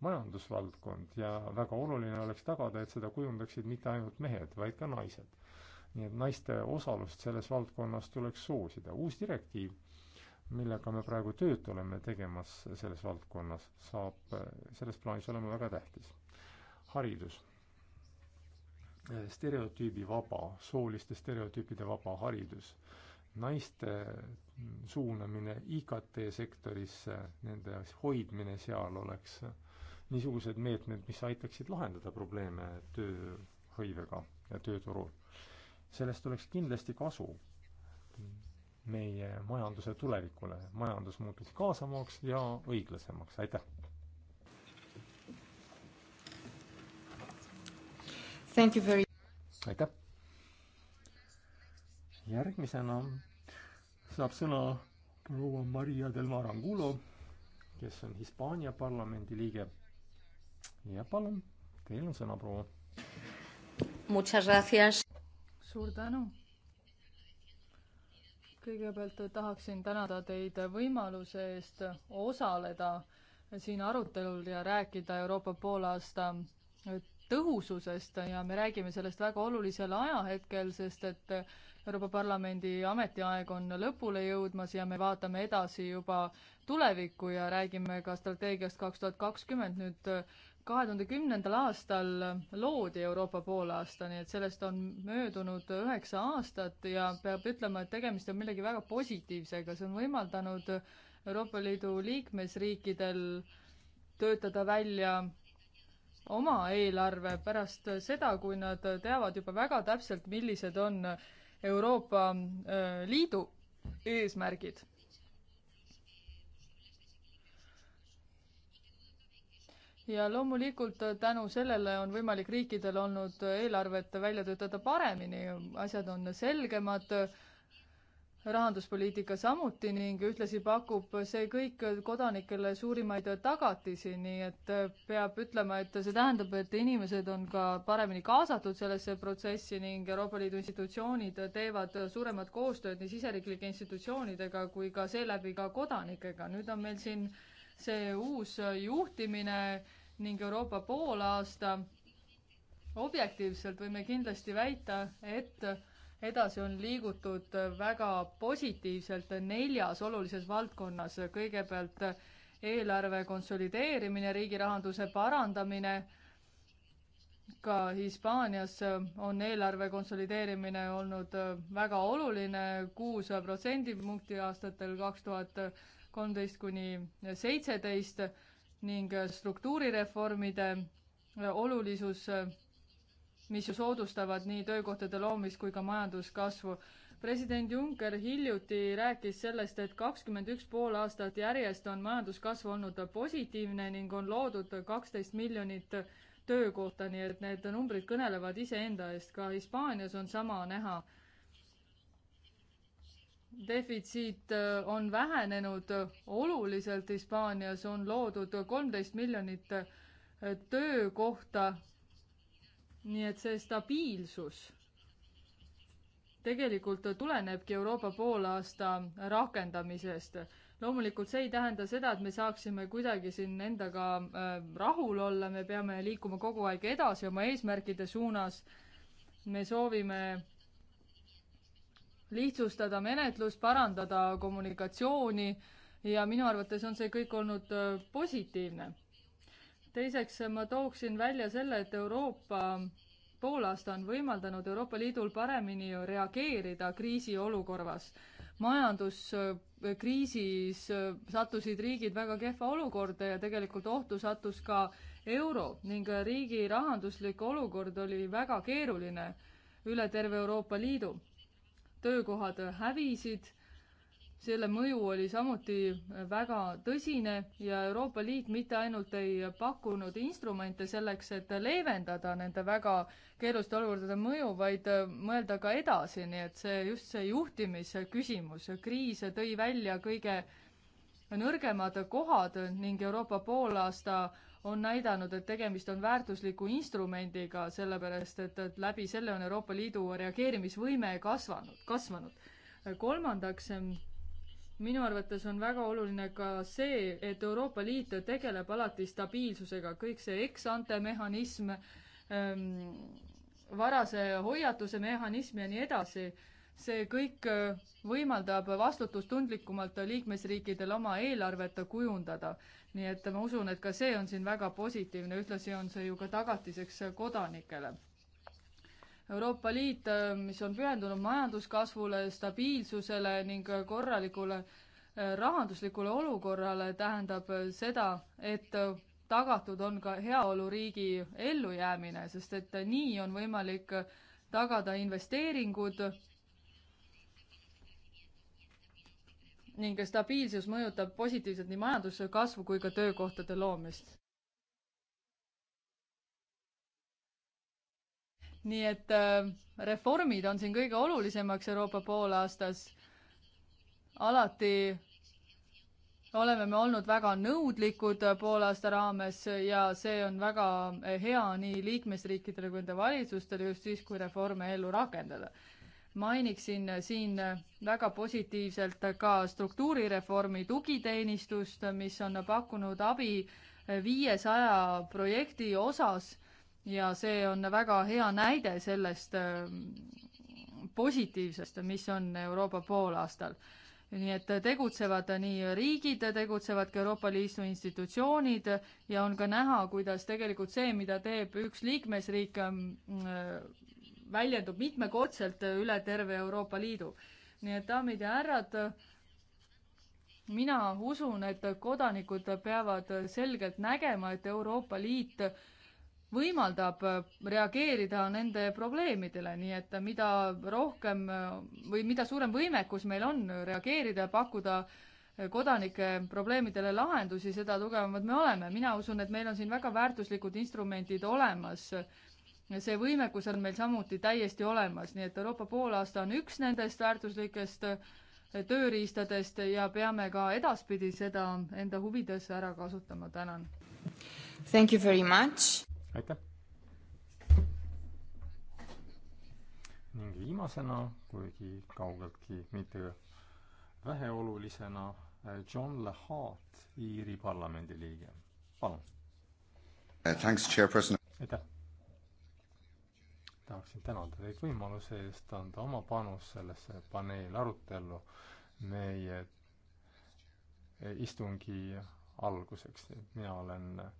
majandusvaldkond ja väga oluline oleks tagada, et seda kujundaksid mitte ainult mehed, vaid ka naised. nii et naiste osalust selles valdkonnas tuleks soosida. uus direktiiv, millega me praegu tööd oleme tegemas selles valdkonnas, saab selles plaanis olema väga tähtis. haridus. stereotüübi vaba, sooliste stereotüüpide vaba haridus naiste suunamine IKT sektorisse, nende hoidmine seal oleks niisugused meetmed, mis aitaksid lahendada probleeme tööhõivega ja tööturul. sellest oleks kindlasti kasu meie majanduse tulevikule, majandus muutuks kaasamaks ja õiglasemaks, aitäh! aitäh! järgmisena saab sõna proua Maria del Marangulo, kes on Hispaania parlamendi liige. ja palun, teil on sõna, proua. Muchas gracias. suur tänu. kõigepealt tahaksin tänada teid võimaluse eest osaleda siin arutelul ja rääkida Euroopa poolaasta tõhususest ja me räägime sellest väga olulisel ajahetkel, sest et Euroopa Parlamendi ametiaeg on lõpule jõudmas ja me vaatame edasi juba tulevikku ja räägime ka strateegiast kaks tuhat kakskümmend nüüd kahe tuhande kümnendal aastal loodi Euroopa poolaasta, nii et sellest on möödunud üheksa aastat ja peab ütlema, et tegemist on millegi väga positiivsega, see on võimaldanud Euroopa Liidu liikmesriikidel töötada välja oma eelarve pärast seda, kui nad teavad juba väga täpselt, millised on Euroopa äh, Liidu eesmärgid. ja loomulikult äh, tänu sellele on võimalik riikidel olnud äh, eelarvet välja töötada paremini, asjad on selgemad rahanduspoliitika samuti ning ühtlasi pakub see kõik kodanikele suurimaid tagatisi, nii et peab ütlema, et see tähendab, et inimesed on ka paremini kaasatud sellesse protsessi ning Euroopa Liidu institutsioonid teevad suuremat koostööd nii siseriiklike institutsioonidega kui ka seeläbi ka kodanikega. nüüd on meil siin see uus juhtimine ning Euroopa poolaasta. objektiivselt võime kindlasti väita, et edasi on liigutud väga positiivselt neljas olulises valdkonnas, kõigepealt eelarve konsolideerimine, riigi rahanduse parandamine, ka Hispaanias on eelarve konsolideerimine olnud väga oluline, kuus protsendipunkti aastatel kaks tuhat kolmteist kuni seitseteist ning struktuurireformide olulisus mis ju soodustavad nii töökohtade loomist kui ka majanduskasvu. president Juncker hiljuti rääkis sellest, et kakskümmend üks pool aastat järjest on majanduskasv olnud positiivne ning on loodud kaksteist miljonit töökohta, nii et need numbrid kõnelevad iseenda eest, ka Hispaanias on sama näha. defitsiit äh, on vähenenud oluliselt Hispaanias, on loodud kolmteist miljonit äh, töökohta nii et see stabiilsus tegelikult tulenebki Euroopa poolaasta rakendamisest. loomulikult see ei tähenda seda, et me saaksime kuidagi siin endaga äh, rahul olla, me peame liikuma kogu aeg edasi oma eesmärkide suunas. me soovime lihtsustada menetlust, parandada kommunikatsiooni ja minu arvates on see kõik olnud äh, positiivne teiseks ma tooksin välja selle, et Euroopa poolaasta on võimaldanud Euroopa Liidul paremini reageerida kriisiolukorras. majanduskriisis äh, äh, sattusid riigid väga kehva olukorda ja tegelikult ohtu sattus ka euro ning äh, riigi rahanduslik olukord oli väga keeruline üle terve Euroopa Liidu. töökohad hävisid selle mõju oli samuti äh, väga tõsine ja Euroopa Liit mitte ainult ei pakkunud instrumente selleks, et leevendada nende väga keeruliste olukordade mõju, vaid äh, mõelda ka edasi, nii et see just see juhtimise küsimus, kriis tõi välja kõige nõrgemad kohad ning Euroopa poolaasta on näidanud, et tegemist on väärtusliku instrumendiga, sellepärast et, et läbi selle on Euroopa Liidu reageerimisvõime kasvanud, kasvanud. kolmandaks minu arvates on väga oluline ka see, et Euroopa Liit tegeleb alati stabiilsusega, kõik see ex-ante mehhanism ähm,, varase hoiatuse mehhanism ja nii edasi, see kõik äh, võimaldab vastutustundlikumalt liikmesriikidel oma eelarvet kujundada. nii et ma usun, et ka see on siin väga positiivne, ühtlasi on see ju ka tagatiseks kodanikele Euroopa Liit, äh, mis on pühendunud majanduskasvule, stabiilsusele ning korralikule äh, rahanduslikule olukorrale, tähendab äh, seda, et tagatud on ka heaoluriigi ellujäämine, sest et nii on võimalik tagada investeeringud ning stabiilsus mõjutab positiivselt nii majanduskasvu kui ka töökohtade loomist. nii et äh, reformid on siin kõige olulisemaks Euroopa poolaastas. alati oleme me olnud väga nõudlikud äh, poolaasta raames ja see on väga äh, hea nii liikmesriikidele kui nende valitsustele just siis, kui reforme ellu rakendada. mainiksin siin väga positiivselt ka struktuurireformi tugiteenistust, mis on pakkunud abi viiesaja projekti osas ja see on väga hea näide sellest ähm, positiivsest, mis on Euroopa poolaastal. nii et tegutsevad nii riigid, tegutsevad ka Euroopa Liidu institutsioonid ja on ka näha, kuidas tegelikult see, mida teeb üks liikmesriik, ähm, äh, väljendub mitmekordselt üle terve Euroopa Liidu. nii et daamid ja härrad, mina usun, et kodanikud peavad selgelt nägema, et Euroopa Liit võimaldab äh, reageerida nende probleemidele, nii et äh, mida rohkem äh, või mida suurem võimekus meil on reageerida ja pakkuda kodanike probleemidele lahendusi, seda tugevamad me oleme. mina usun, et meil on siin väga väärtuslikud instrumendid olemas. see võimekus on meil samuti täiesti olemas, nii et Euroopa poolaasta on üks nendest väärtuslikest tööriistadest ja peame ka edaspidi seda enda huvides ära kasutama. tänan! Thank you very much! aitäh! ning viimasena, kuigi kaugeltki mitte väheolulisena, John Le Hart, Iiri parlamendi liige. palun! aitäh! tahaksin tänada teid võimaluse eest anda oma panus sellesse paneelarutellu meie istungi alguseks. mina olen äh,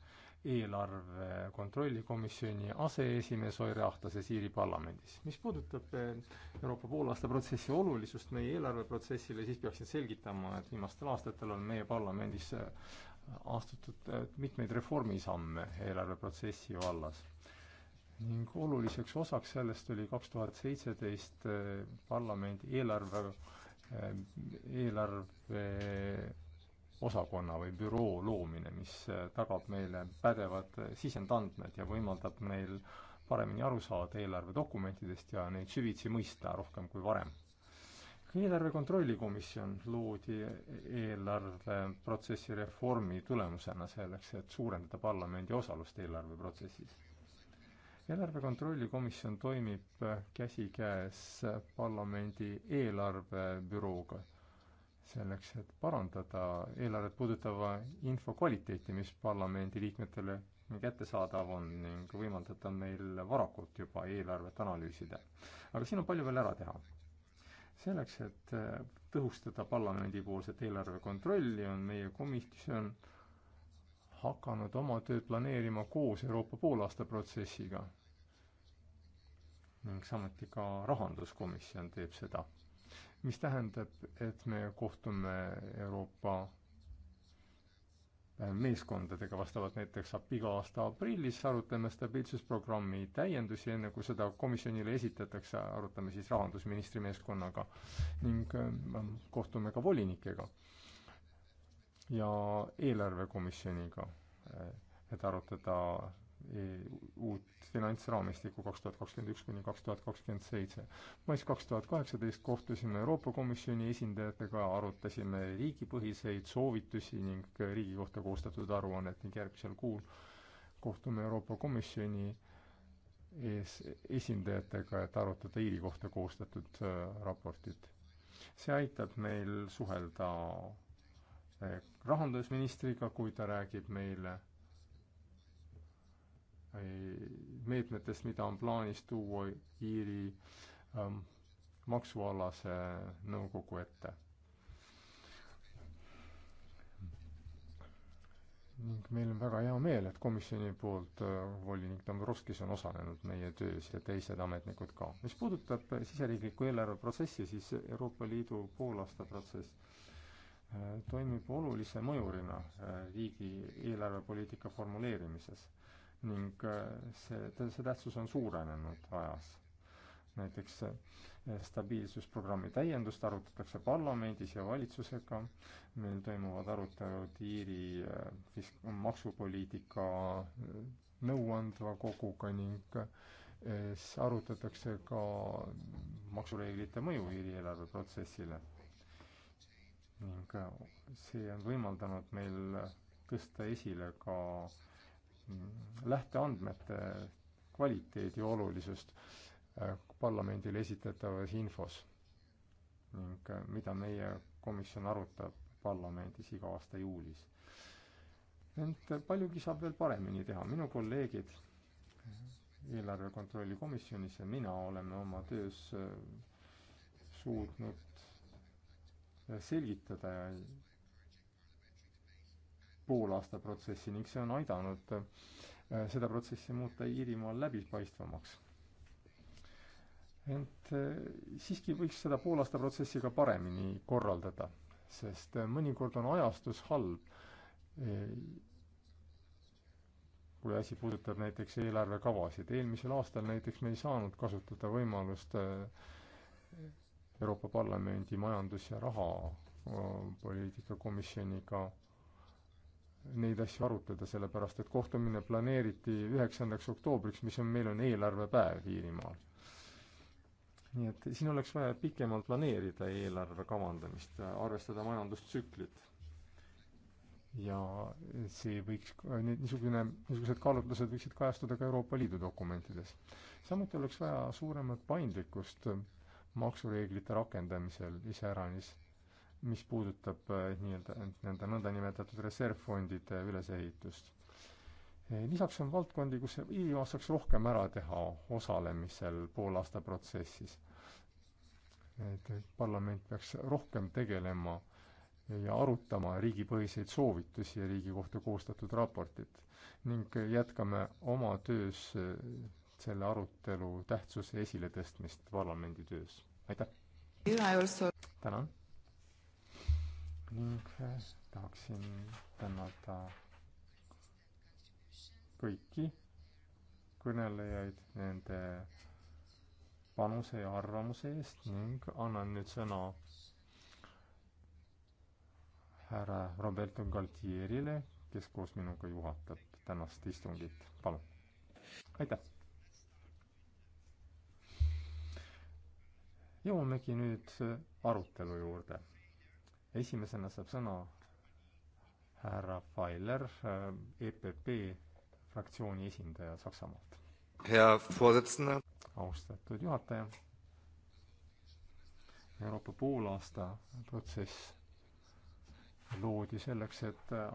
eelarve kontrollikomisjoni aseesimees Oire Ahtase Siiri parlamendis. mis puudutab eh, Euroopa poolaasta protsessi olulisust meie eelarveprotsessile, siis peaksin selgitama, et viimastel aastatel on meie parlamendis eh, astutud eh, mitmeid reformisamme eelarveprotsessi vallas. ning oluliseks osaks sellest oli kaks tuhat seitseteist parlamendi eelarve, eelarve osakonna või büroo loomine, mis äh, tagab meile pädevad äh, sisendandmed ja võimaldab meil paremini aru saada eelarvedokumentidest ja neid süvitsi mõista rohkem kui varem. eelarve kontrollikomisjon loodi eelarveprotsessi reformi tulemusena selleks, et suurendada parlamendi osalust eelarveprotsessis. eelarve kontrollikomisjon toimib äh, käsikäes parlamendi eelarvebürooga selleks, et parandada eelarvet puudutava info kvaliteeti, mis parlamendiliikmetele kättesaadav on ning võimaldada meil varakult juba eelarvet analüüsida. aga siin on palju veel ära teha. selleks, et äh, tõhustada parlamendipoolset eelarve kontrolli, on meie komisjon hakanud oma tööd planeerima koos Euroopa poolaasta protsessiga. ning samuti ka rahanduskomisjon teeb seda mis tähendab, et me kohtume Euroopa äh, meeskondadega, vastavalt näiteks iga aasta aprillis arutame stabiilsusprogrammi täiendusi, enne kui seda komisjonile esitatakse, arutame siis rahandusministri meeskonnaga ning äh, kohtume ka volinikega ja eelarvekomisjoniga, äh, et arutada Eh, uut finantsraamistikku kaks tuhat kakskümmend üks kuni kaks tuhat kakskümmend seitse. mais kaks tuhat kaheksateist kohtusime Euroopa Komisjoni esindajatega, arutasime riigipõhiseid soovitusi ning riigi kohta koostatud aruannet ning järgmisel kuul kohtume Euroopa Komisjoni ees esindajatega, et arutada Iiri kohta koostatud äh, raportit. see aitab meil suhelda äh, rahandusministriga, kui ta räägib meile Äh, meetmetest, mida on plaanis tuua Iiri ähm, maksualase nõukogu ette. ning meil on väga hea meel, et komisjoni poolt äh, volinik Dombrovskis on osalenud meie töös ja teised ametnikud ka. mis puudutab äh, siseriiklikku eelarveprotsessi, siis Euroopa Liidu poolaasta protsess toimib olulise mõjurina riigi eelarvepoliitika formuleerimises ning äh, see, see tähtsus on suurenenud ajas. näiteks äh, stabiilsusprogrammi täiendust arutatakse parlamendis ja valitsusega, meil toimuvad arutelud Iiri äh, fisk-, maksupoliitika nõuandva koguga ning arutatakse ka maksureeglite mõju Iiri eelarveprotsessile. ning see on võimaldanud meil tõsta esile ka äh, Mm, lähteandmete kvaliteedi olulisust äh, parlamendile esitatavas infos ning äh, mida meie komisjon arutab parlamendis iga aasta juulis. ent äh, paljugi saab veel paremini teha, minu kolleegid eelarve kontrolli komisjonis ja mina oleme oma töös suutnud selgitada poolaasta protsessi ning see on aidanud äh, seda protsessi muuta Iirimaal läbipaistvamaks. ent äh, siiski võiks seda poolaasta protsessi ka paremini korraldada, sest äh, mõnikord on ajastus halb. kui asi puudutab näiteks eelarvekavasid, eelmisel aastal näiteks me ei saanud kasutada võimalust Euroopa Parlamendi majandus- ja rahapoliitika komisjoniga neid asju arutada, sellepärast et kohtumine planeeriti üheksandaks oktoobriks, mis on, meil on eelarvepäev Iirimaal. nii et siin oleks vaja pikemalt planeerida eelarve kavandamist, arvestada majandustsüklit. ja see võiks, niisugune, niisugused kaalutlused võiksid kajastuda ka Euroopa Liidu dokumentides. samuti oleks vaja suuremat paindlikkust maksureeglite rakendamisel iseäranis mis puudutab eh, nii-öelda nende nõndanimetatud reservfondide ülesehitust. Eh, lisaks on valdkondi, kus IVA saaks rohkem ära teha osalemisel poolaasta protsessis. et parlament peaks rohkem tegelema ja arutama riigipõhiseid soovitusi ja riigi kohta koostatud raportit ning jätkame oma töös eh, selle arutelu tähtsuse esiletõstmist parlamendi töös. aitäh! tänan! ning tahaksin tänada kõiki kõnelejaid nende panuse ja arvamuse eest ning annan nüüd sõna härra Roberto Galtierile, kes koos minuga juhatab tänast istungit. palun. aitäh. jõuamegi nüüd arutelu juurde esimesena saab sõna härra Feiler, äh, EPP fraktsiooni esindaja Saksamaalt. hea Vorsitzende. austatud juhataja. Euroopa poolaasta protsess loodi selleks, et äh,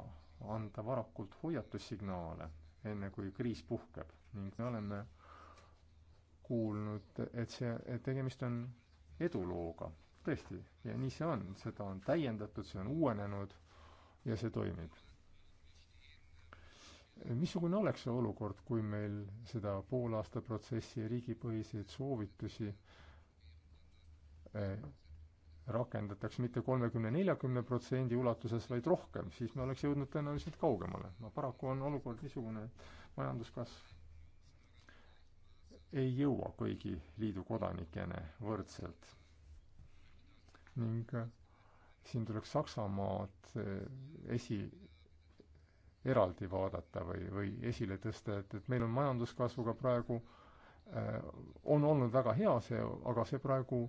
anda varakult hoiatussignaale, enne kui kriis puhkeb ning me oleme kuulnud, et see, et tegemist on edulooga tõesti, ja nii see on, seda on täiendatud, see on uuenenud ja see toimib. missugune oleks see olukord, kui meil seda poolaasta protsessi ja riigipõhiseid soovitusi eh, rakendataks mitte kolmekümne, neljakümne protsendi ulatuses, vaid rohkem, siis me oleks jõudnud tõenäoliselt kaugemale. no paraku on olukord niisugune, et majanduskasv ei jõua kõigi liidu kodanikena võrdselt ning siin tuleks Saksamaad eh, esi, eraldi vaadata või, või esile tõsta, et, et meil on majanduskasvuga praegu äh,, on olnud väga hea see, aga see praegu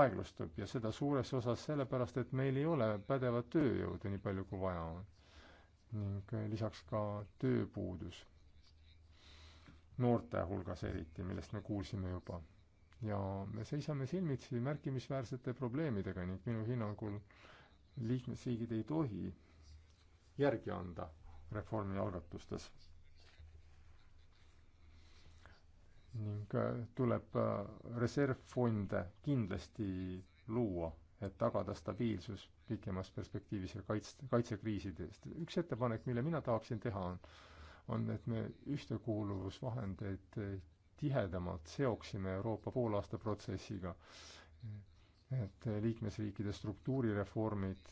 aeglustub ja seda suures osas sellepärast, et meil ei ole pädevat tööjõudu nii palju, kui vaja on. ning eh, lisaks ka tööpuudus noorte hulgas eriti, millest me kuulsime juba ja me seisame silmitsi märkimisväärsete probleemidega ning minu hinnangul liikmesriigid ei tohi järgi anda reformi algatustes. ning äh, tuleb äh, reservfonde kindlasti luua, et tagada stabiilsus pikemas perspektiivis ja kaitst-, kaitsekriiside eest. üks ettepanek, mille mina tahaksin teha, on, on, et me ühtekuuluvusvahendeid tihedamalt seoksime Euroopa poolaasta protsessiga. et liikmesriikide struktuurireformid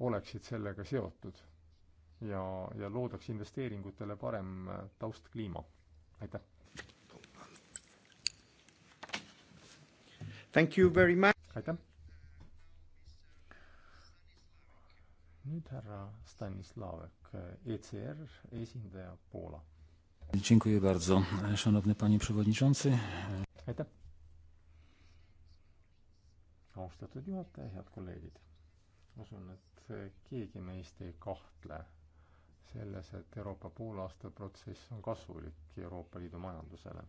oleksid sellega seotud ja, ja loodaks investeeringutele parem taustkliima. aitäh! Thank you very much! aitäh! nüüd härra Stanislavek, ECR esindaja Poola Dziękuję bardzo, szanowny panie przewodniczący. aitäh, austatud juhataja, head kolleegid. usun, et keegi meist ei kahtle selles, et Euroopa poolaasta protsess on kasulik Euroopa Liidu majandusele.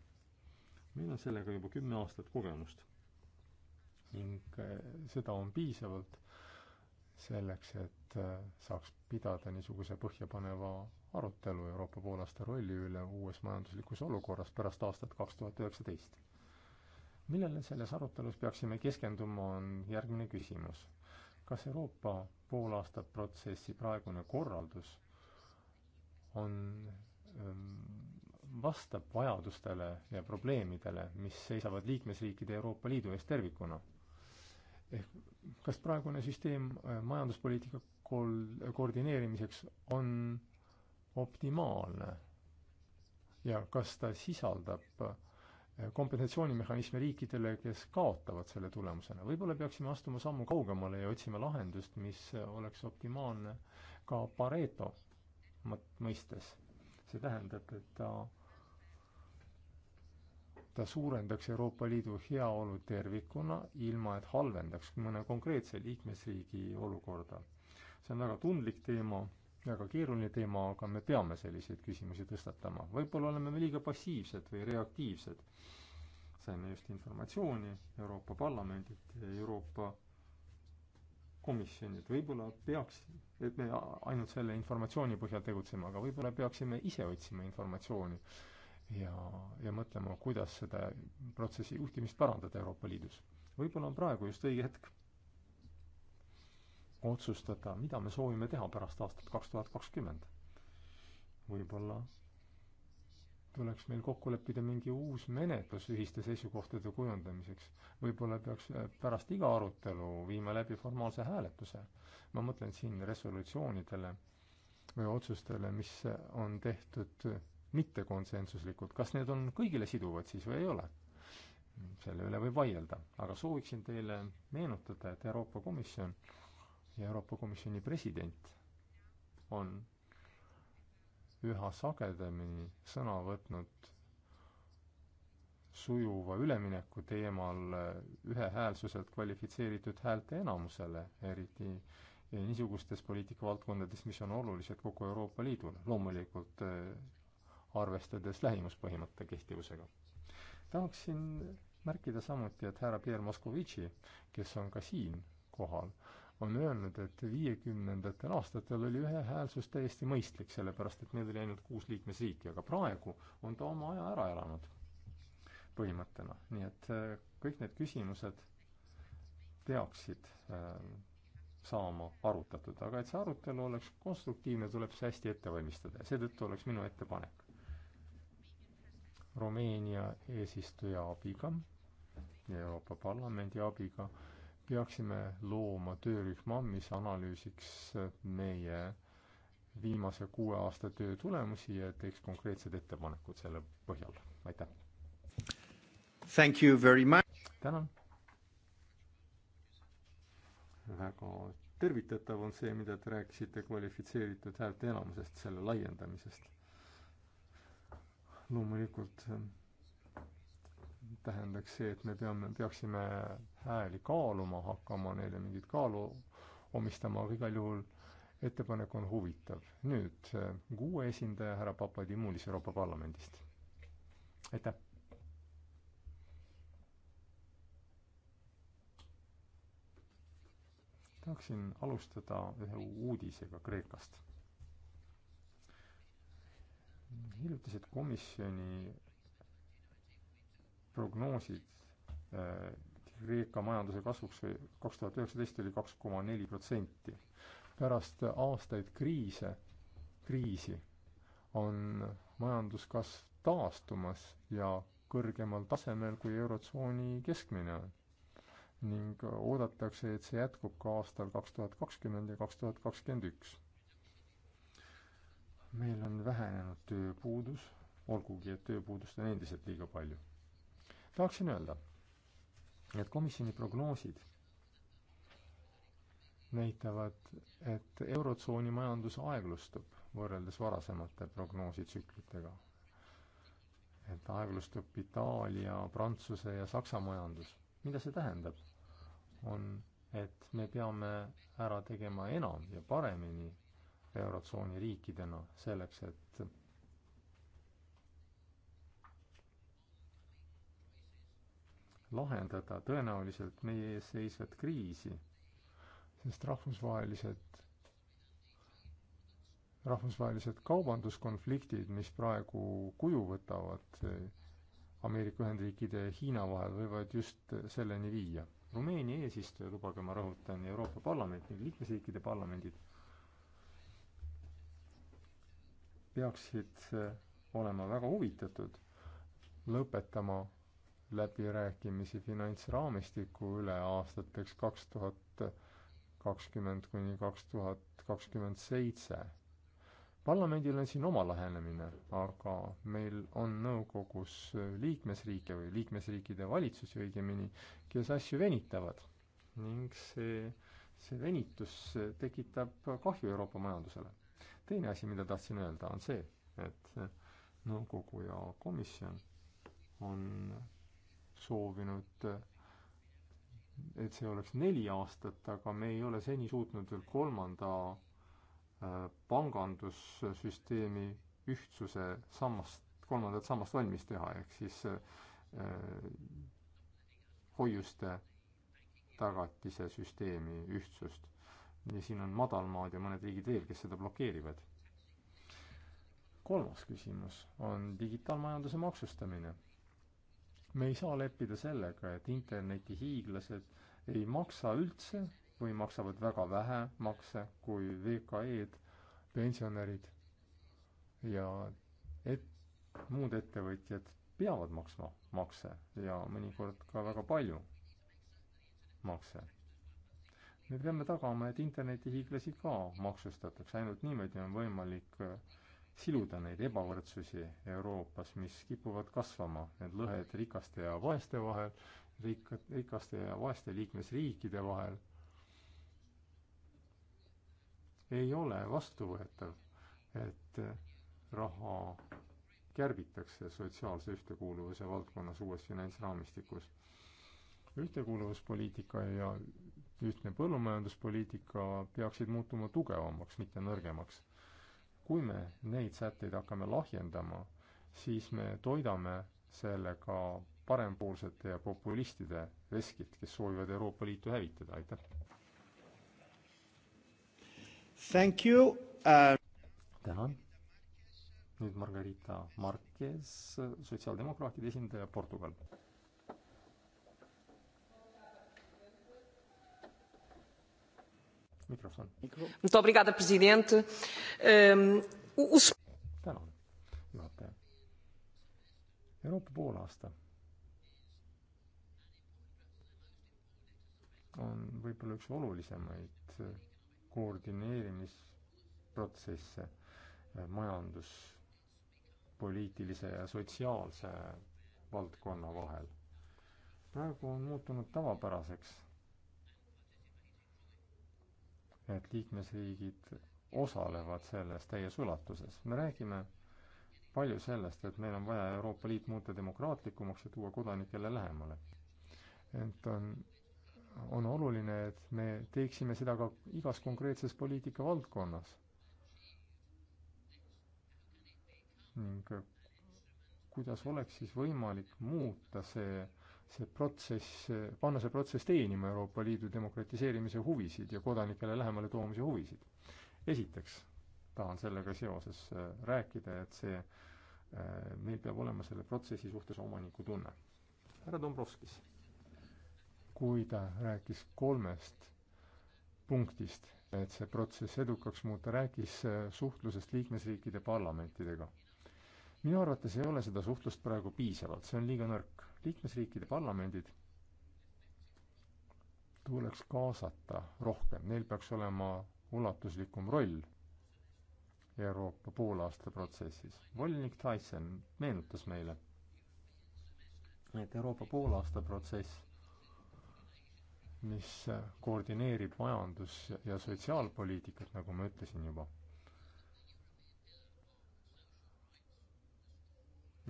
meil on sellega juba kümme aastat kogemust ning eh, seda on piisavalt selleks, et eh, saaks pidada niisuguse põhjapaneva arutelu Euroopa poolaasta rolli üle uues majanduslikus olukorras pärast aastat kaks tuhat üheksateist. millele selles arutelus peaksime keskenduma, on järgmine küsimus. kas Euroopa poolaasta protsessi praegune korraldus on, ähm, vastab vajadustele ja probleemidele, mis seisavad liikmesriikide ja Euroopa Liidu ees tervikuna? ehk kas praegune süsteem äh, majanduspoliitika kol-, koordineerimiseks on optimaalne ja kas ta sisaldab äh, kompensatsioonimehhanisme riikidele, kes kaotavad selle tulemusena. võib-olla peaksime astuma sammu kaugemale ja otsima lahendust, mis äh, oleks optimaalne ka Pareto mõistes. see tähendab, et ta ta suurendaks Euroopa Liidu heaolu tervikuna, ilma et halvendaks mõne konkreetse liikmesriigi olukorda. see on väga tundlik teema väga keeruline teema, aga me peame selliseid küsimusi tõstatama. võib-olla oleme me liiga passiivsed või reaktiivsed. saime just informatsiooni Euroopa Parlamendilt ja Euroopa Komisjonilt, võib-olla peaks, et me ainult selle informatsiooni põhjal tegutseme, aga võib-olla peaksime ise otsima informatsiooni ja, ja mõtlema, kuidas seda protsessi juhtimist parandada Euroopa Liidus. võib-olla on praegu just õige hetk otsustada, mida me soovime teha pärast aastat kaks tuhat kakskümmend. võib-olla tuleks meil kokku leppida mingi uus menetlus ühiste seisukohtade kujundamiseks. võib-olla peaks eh, pärast iga arutelu viima läbi formaalse hääletuse. ma mõtlen siin resolutsioonidele või otsustele, mis on tehtud mittekonsensuslikult, kas need on kõigile siduvad siis või ei ole? selle üle võib vaielda, aga sooviksin teile meenutada, et Euroopa Komisjon ja Euroopa Komisjoni president on üha sagedamini sõna võtnud sujuva ülemineku teemal ühehäälsuselt kvalifitseeritud häälteenamusele, eriti niisugustes poliitikavaldkondades, mis on olulised kogu Euroopa Liidule, loomulikult äh, arvestades lähimuspõhimõtte kehtivusega. tahaksin märkida samuti, et härra Pierre Moscovici, kes on ka siin kohal, on öelnud, et viiekümnendatel aastatel oli ühehäälsus täiesti mõistlik, sellepärast et meil oli ainult kuus liikmesriiki, aga praegu on ta oma aja ära elanud põhimõttena. nii et äh, kõik need küsimused peaksid äh, saama arutatud, aga et see arutelu oleks konstruktiivne, tuleb see hästi ette valmistada ja seetõttu oleks minu ettepanek Rumeenia eesistuja abiga ja Euroopa Parlamendi abiga äh, peaksime looma töörühma, mis analüüsiks meie viimase kuue aasta töö tulemusi ja teeks konkreetsed ettepanekud selle põhjal. aitäh! Thank you very much! tänan! väga tervitatav on see, mida te rääkisite kvalifitseeritud häälte enamusest, selle laiendamisest. loomulikult tähendaks see, et me peame, peaksime hääli kaaluma hakkama, neile mingit kaalu omistama, aga igal juhul ettepanek on huvitav. nüüd kuue esindaja härra Papadimulis Euroopa Parlamendist. aitäh! tahaksin alustada ühe uudisega Kreekast. hiljutised komisjoni prognoosid äh, Kreeka majanduse kasvuks kaks tuhat üheksateist oli kaks koma neli protsenti. pärast aastaid kriise, kriisi on majanduskasv taastumas ja kõrgemal tasemel, kui Eurotsooni keskmine on. ning oodatakse, et see jätkub ka aastal kaks tuhat kakskümmend ja kaks tuhat kakskümmend üks. meil on vähenenud tööpuudus, olgugi et tööpuudust on endiselt liiga palju tahaksin öelda, et komisjoni prognoosid näitavad, et Eurotsooni majandus aeglustub võrreldes varasemate prognoositsüklitega. et aeglustub Itaalia, Prantsuse ja Saksa majandus. mida see tähendab? on, et me peame ära tegema enam ja paremini Eurotsooni riikidena selleks, et lahendada tõenäoliselt meie ees seisvat kriisi, sest rahvusvahelised, rahvusvahelised kaubanduskonfliktid, mis praegu kuju võtavad Ameerika Ühendriikide ja Hiina vahel, võivad just selleni viia. Rumeenia eesistuja, lubage ma rõhutan, Euroopa Parlament ning liikmesriikide parlamendid peaksid olema väga huvitatud lõpetama läbirääkimisi finantsraamistiku üle aastateks kaks tuhat kakskümmend kuni kaks tuhat kakskümmend seitse. parlamendil on siin oma lähenemine, aga meil on nõukogus liikmesriike või liikmesriikide valitsusi õigemini, kes asju venitavad ning see, see venitus tekitab kahju Euroopa majandusele. teine asi, mida tahtsin öelda, on see, et nõukogu ja komisjon on soovinud, et see oleks neli aastat, aga me ei ole seni suutnud veel kolmanda äh, pangandussüsteemi ühtsuse sammast, kolmandat sammast valmis teha, ehk siis eh, hoiuste tagatise süsteemi ühtsust. ja siin on madalmaad ja mõned riigid veel, kes seda blokeerivad kolmas küsimus on digitaalmajanduse maksustamine me ei saa leppida sellega, et interneti hiiglased ei maksa üldse või maksavad väga vähe makse kui VKE-d, pensionärid ja et muud ettevõtjad peavad maksma makse ja mõnikord ka väga palju makse. me peame tagama, et internetihiiglasi ka maksustatakse, ainult niimoodi on võimalik äh, siluda neid ebavõrdsusi Euroopas, mis kipuvad kasvama, need lõhed rikaste ja vaeste vahel, rik-, rikaste ja vaeste liikmesriikide vahel, ei ole vastuvõetav, et raha kärbitakse sotsiaalse ühtekuuluvuse valdkonnas uues finantsraamistikus. ühtekuuluvuspoliitika ja ühtne põllumajanduspoliitika peaksid muutuma tugevamaks, mitte nõrgemaks kui me neid sätteid hakkame lahjendama, siis me toidame sellega parempoolsete ja populistide veskit, kes soovivad Euroopa Liitu hävitada, aitäh! Thank you uh...! tänan! nüüd Margarita Marquez, sotsiaaldemokraatide esindaja, Portugal mikrofon. Ehm, tänan, juhataja. Euroopa poolaasta on võib-olla üks olulisemaid eh, koordineerimisprotsesse eh, majanduspoliitilise ja sotsiaalse valdkonna vahel. praegu on muutunud tavapäraseks et liikmesriigid osalevad selles täies ulatuses. me räägime palju sellest, et meil on vaja Euroopa Liit muuta demokraatlikumaks ja tuua kodanikele lähemale. ent on, on oluline, et me teeksime seda ka igas konkreetses poliitikavaldkonnas. ning kuidas oleks siis võimalik muuta see see protsess, panna see protsess teenima Euroopa Liidu demokratiseerimise huvisid ja kodanikele lähemale toomise huvisid. esiteks tahan sellega seoses äh, rääkida, et see, äh, meil peab olema selle protsessi suhtes omanikutunne. härra Dombrovskis, kui ta rääkis kolmest punktist, et see protsess edukaks muuta, rääkis äh, suhtlusest liikmesriikide parlamentidega. minu arvates ei ole seda suhtlust praegu piisavalt, see on liiga nõrk liikmesriikide parlamendid tuleks kaasata rohkem, neil peaks olema ulatuslikum roll Euroopa poolaasta protsessis. volinik Tyson meenutas meile, et Euroopa poolaasta protsess, mis koordineerib majandus- ja sotsiaalpoliitikat, nagu ma ütlesin juba,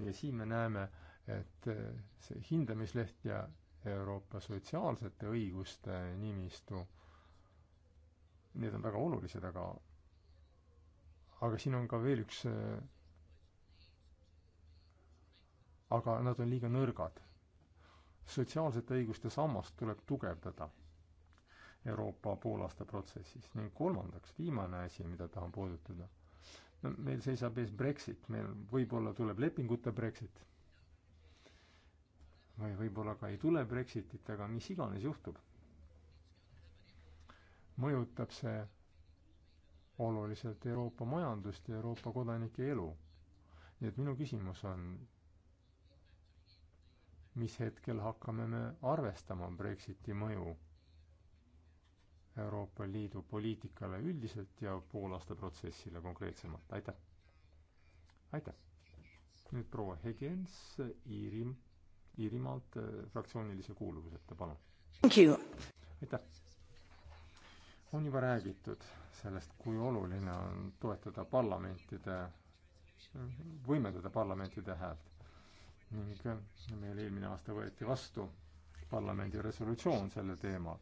ja siin me näeme äh, et eh, see hindamisleht ja Euroopa sotsiaalsete õiguste nimistu, need on väga olulised, aga aga siin on ka veel üks eh, aga nad on liiga nõrgad. sotsiaalsete õiguste sammast tuleb tugevdada Euroopa poolaasta protsessis ning kolmandaks, viimane asi, mida tahan puudutada, no meil seisab ees Brexit, meil võib-olla tuleb lepingute Brexit või võib-olla ka ei tule Brexitit, aga mis iganes juhtub, mõjutab see oluliselt Euroopa majandust ja Euroopa kodanike elu. nii et minu küsimus on, mis hetkel hakkame me arvestama Brexiti mõju Euroopa Liidu poliitikale üldiselt ja poolaasta protsessile konkreetsemalt, aitäh! aitäh! nüüd proua Higgins Iirim-, Iirimaalt eh, fraktsioonilise kuuluvuseta, palun. aitäh! on juba räägitud sellest, kui oluline on toetada parlamentide, võimendada parlamentide häält. ning eh, meil eelmine aasta võeti vastu parlamendi resolutsioon sellel teemal.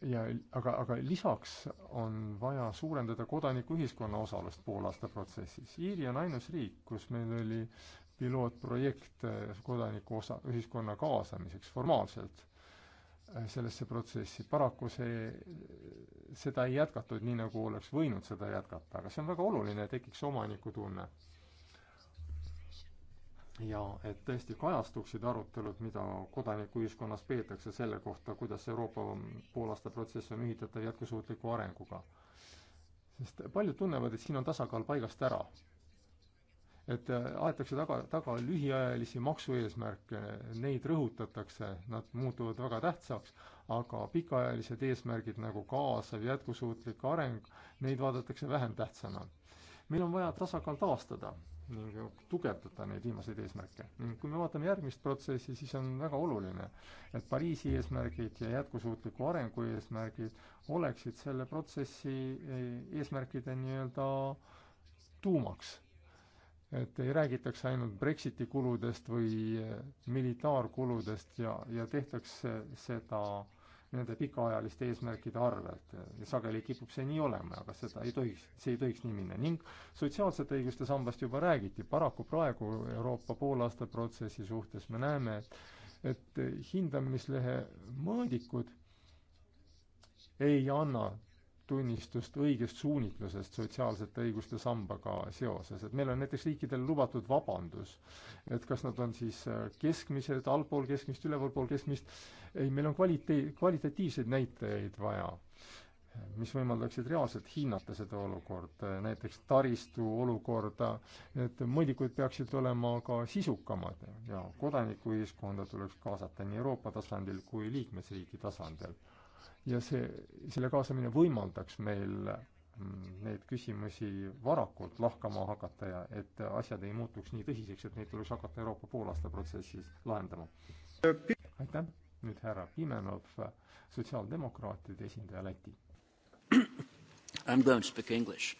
ja aga, aga lisaks on vaja suurendada kodanikuühiskonna osalust poolaasta protsessis. Iiri on ainus riik, kus meil oli pilootprojekt eh, kodaniku osa, ühiskonna kaasamiseks formaalselt eh, sellesse protsessi. paraku see, seda ei jätkatud nii, nagu oleks võinud seda jätkata, aga see on väga oluline, tekiks omanikutunne. ja et tõesti kajastuksid arutelud, mida kodanikuühiskonnas peetakse selle kohta, kuidas Euroopa poolaasta protsess on ühitatav jätkusuutliku arenguga. sest paljud tunnevad, et siin on tasakaal paigast ära et äh, aetakse taga, taga lühiajalisi maksueesmärke, neid rõhutatakse, nad muutuvad väga tähtsaks, aga pikaajalised eesmärgid nagu kaasav jätkusuutlik areng, neid vaadatakse vähem tähtsana. meil on vaja tasakaal taastada ning tugevdada neid viimaseid eesmärke. ning kui me vaatame järgmist protsessi, siis on väga oluline, et Pariisi eesmärgid ja jätkusuutliku arengu eesmärgid oleksid selle protsessi e-, eesmärkide nii-öelda tuumaks et ei räägitaks ainult Brexiti kuludest või eh, militaarkuludest ja, ja tehtaks eh, seda nende pikaajaliste eesmärkide arvelt. ja sageli kipub see nii olema, aga seda ei tohiks, see ei tohiks nii minna. ning sotsiaalsete õiguste sambast juba räägiti, paraku praegu Euroopa poolaasta protsessi suhtes me näeme, et et eh, hindamislehe mõõdikud ei anna tunnistust õigest suunitlusest sotsiaalsete õiguste sambaga seoses, et meil on näiteks riikidel lubatud vabandus, et kas nad on siis äh, keskmised, allpool keskmist, ülevalpool keskmist, ei, meil on kvaliteet, kvalitatiivseid näitajaid vaja, mis võimaldaksid reaalselt hinnata seda olukorda, näiteks taristu olukorda, et mõõdikud peaksid olema ka sisukamad ja kodanikuühiskonda tuleks kaasata nii Euroopa tasandil kui liikmesriigi tasandil ja see, selle kaasamine võimaldaks meil mm, neid küsimusi varakult lahkama hakata ja et asjad ei muutuks nii tõsiseks, et neid tuleks hakata Euroopa poolaasta protsessis lahendama. aitäh, nüüd härra Pimenov, sotsiaaldemokraatide esindaja Läti. I am going to speak english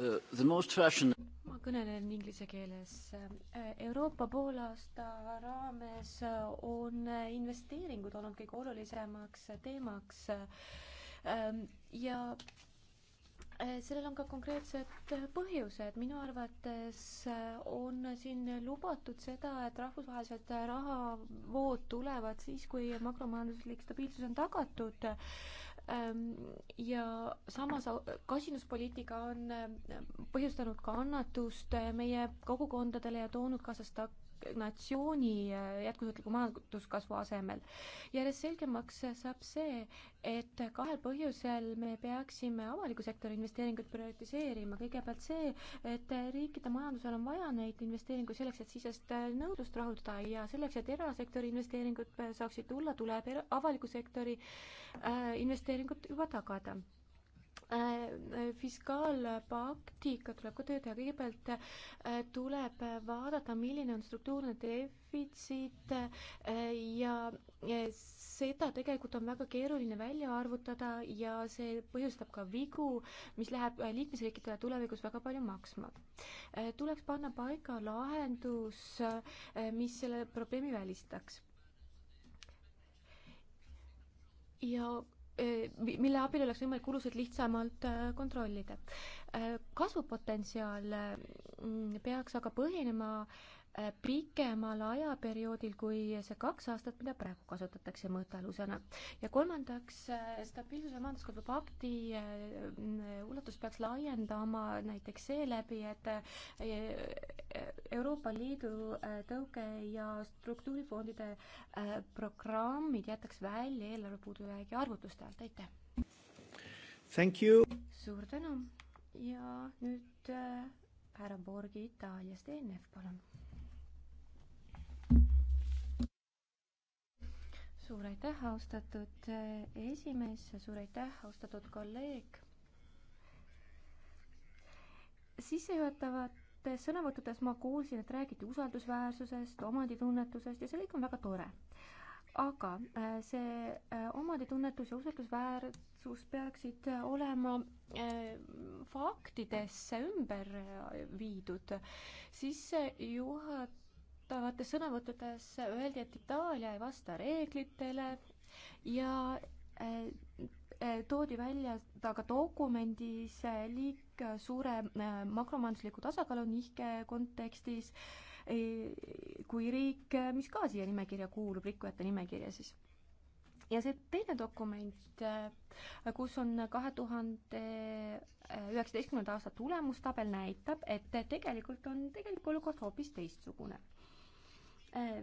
Uh, fashion... ma kõnelen inglise keeles. Uh, Euroopa poolaasta raames uh, on investeeringud olnud kõige olulisemaks teemaks um, ja sellel on ka konkreetsed põhjused. minu arvates on siin lubatud seda, et rahvusvahelised rahavood tulevad siis, kui makromajanduslik stabiilsus on tagatud Ehm, ja samas kasinuspoliitika on ehm, põhjustanud kannatust ehm, meie kogukondadele ja toonud kaasa stag-, stagnatsiooni äh, jätkusuutliku majanduskasvu asemel. järjest selgemaks saab see, et kahel põhjusel me peaksime avaliku sektori investeeringuid prioritiseerima, kõigepealt see, et riikide majandusel on vaja neid investeeringuid selleks, et sisest äh, nõudlust rahuldada ja selleks, et erasektori investeeringud äh, saaksid tulla, tuleb avaliku sektori investeeringud juba tagada Äh, äh, fiskaalpaktiga tuleb ka tööd teha, kõigepealt äh, tuleb vaadata, milline on struktuurne defitsiit ja seda tegelikult on väga keeruline välja arvutada ja see põhjustab ka vigu, mis läheb liikmesriikidele tulevikus väga palju maksma. tuleks panna paika lahendus, mis selle probleemi välistaks. ja Eh, mille abil oleks võimalik kulusid lihtsamalt äh, kontrollida. Äh, kasvupotentsiaal äh, mm, peaks aga põhinema äh, Äh, pikemal ajaperioodil kui see kaks aastat, mida praegu kasutatakse mõõtealusena. ja kolmandaks, äh, stabiilsuse majanduskasvu pakti äh, ulatus peaks laiendama näiteks seeläbi, et Euroopa Liidu tõuge- ja struktuurifondide programmid jätaks välja eelarve puudujäägi arvutuste alt, aitäh! Thank you! suur tänu ja nüüd härra Borgi Itaaliast, ENF, palun! suur aitäh, austatud eh, esimees, suur aitäh, austatud kolleeg. sissejuhatavates sõnavõttudes ma kuulsin, et räägiti usaldusväärsusest, omanditunnetusest ja see kõik on väga tore. aga eh, see eh, omanditunnetus ja usaldusväärsus peaksid olema faktidesse ümber viidud. sissejuhat-, sissejuhatavates sõnavõttudes öeldi, et Itaalia ei vasta reeglitele ja äh, äh, toodi välja ka dokumendis äh, liig suure makromajandusliku tasakaalu nihke kontekstis kui riik, mis ka siia nimekirja kuulub, rikkujate nimekirja siis. ja see teine dokument, kus on kahe tuhande üheksateistkümnenda aasta tulemustabel, näitab, et tegelikult on tegelik olukord hoopis teistsugune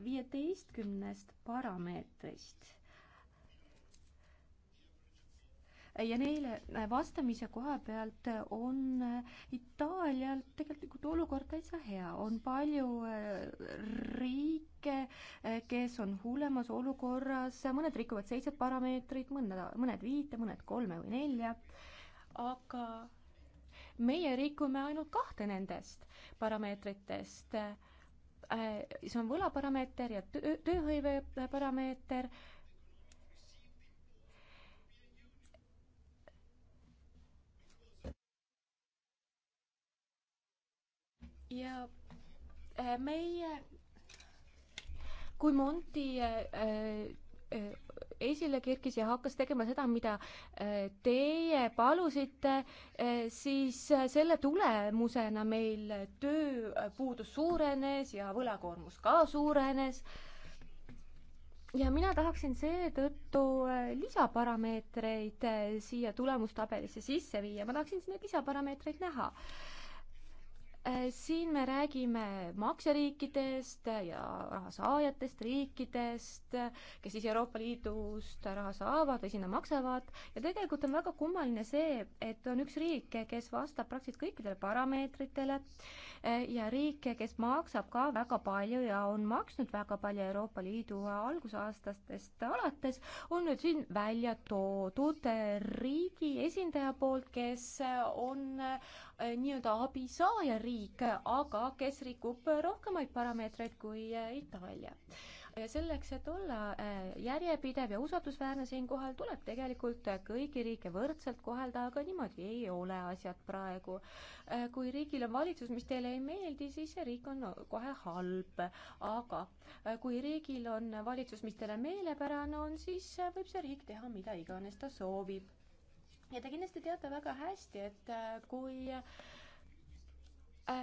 viieteistkümnest parameetrist. ja neile äh, vastamise koha pealt on äh, Itaalial tegelikult olukord täitsa hea, on palju äh, riike, kes on hullemas olukorras, mõned rikuvad seitset parameetrit, mõned, mõned viite, mõned kolme või nelja, aga meie rikume ainult kahte nendest parameetritest Äh, see on võlaparameeter ja töö, tööhõive parameeter. ja äh, meie, kui Monti äh, äh, esile kerkis ja hakkas tegema seda, mida äh, teie palusite, äh, siis äh, selle tulemusena meil tööpuudus suurenes ja võlakoormus ka suurenes. ja mina tahaksin seetõttu lisaparameetreid siia tulemustabelisse sisse viia, ma tahaksin siin neid lisaparameetreid näha Äh, siin me räägime maksjariikidest ja raha saajatest riikidest, kes siis Euroopa Liidust raha saavad või sinna maksavad ja tegelikult on väga kummaline see, et on üks riik, kes vastab praktiliselt kõikidele parameetritele äh, ja riik, kes maksab ka väga palju ja on maksnud väga palju Euroopa Liidu algusaastastest alates, on nüüd siin välja toodud riigi esindaja poolt, kes on Eh, nii-öelda abisaajariik, aga kes rikub rohkemaid parameetreid kui eh, Itaalia. ja selleks, et olla eh, järjepidev ja usaldusväärne siinkohal, tuleb tegelikult kõiki riike võrdselt kohelda, aga niimoodi ei ole asjad praegu. kui riigil on valitsus, mis teile ei meeldi, siis see riik on kohe halb, aga kui riigil on valitsus, mis teile meelepärane on, siis võib see riik teha mida iganes ta soovib ja te kindlasti teate väga hästi, et äh, kui äh,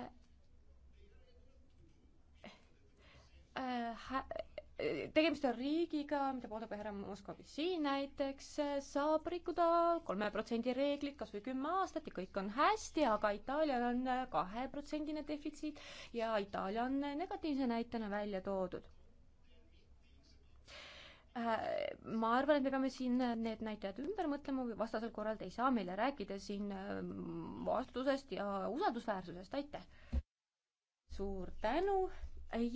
äh, tegemist on riigiga, mida pooldab härra Moskovitši näiteks, saab rikkuda kolme protsendi reeglit kas või kümme aastat ja kõik on hästi, aga Itaalial on kaheprotsendine defitsiit ja Itaalia on negatiivse näitena välja toodud Äh, ma arvan, et me peame siin need näitajad ümber mõtlema, vastasel korral te ei saa meile rääkida siin äh, vastusest ja usaldusväärsusest, aitäh! suur tänu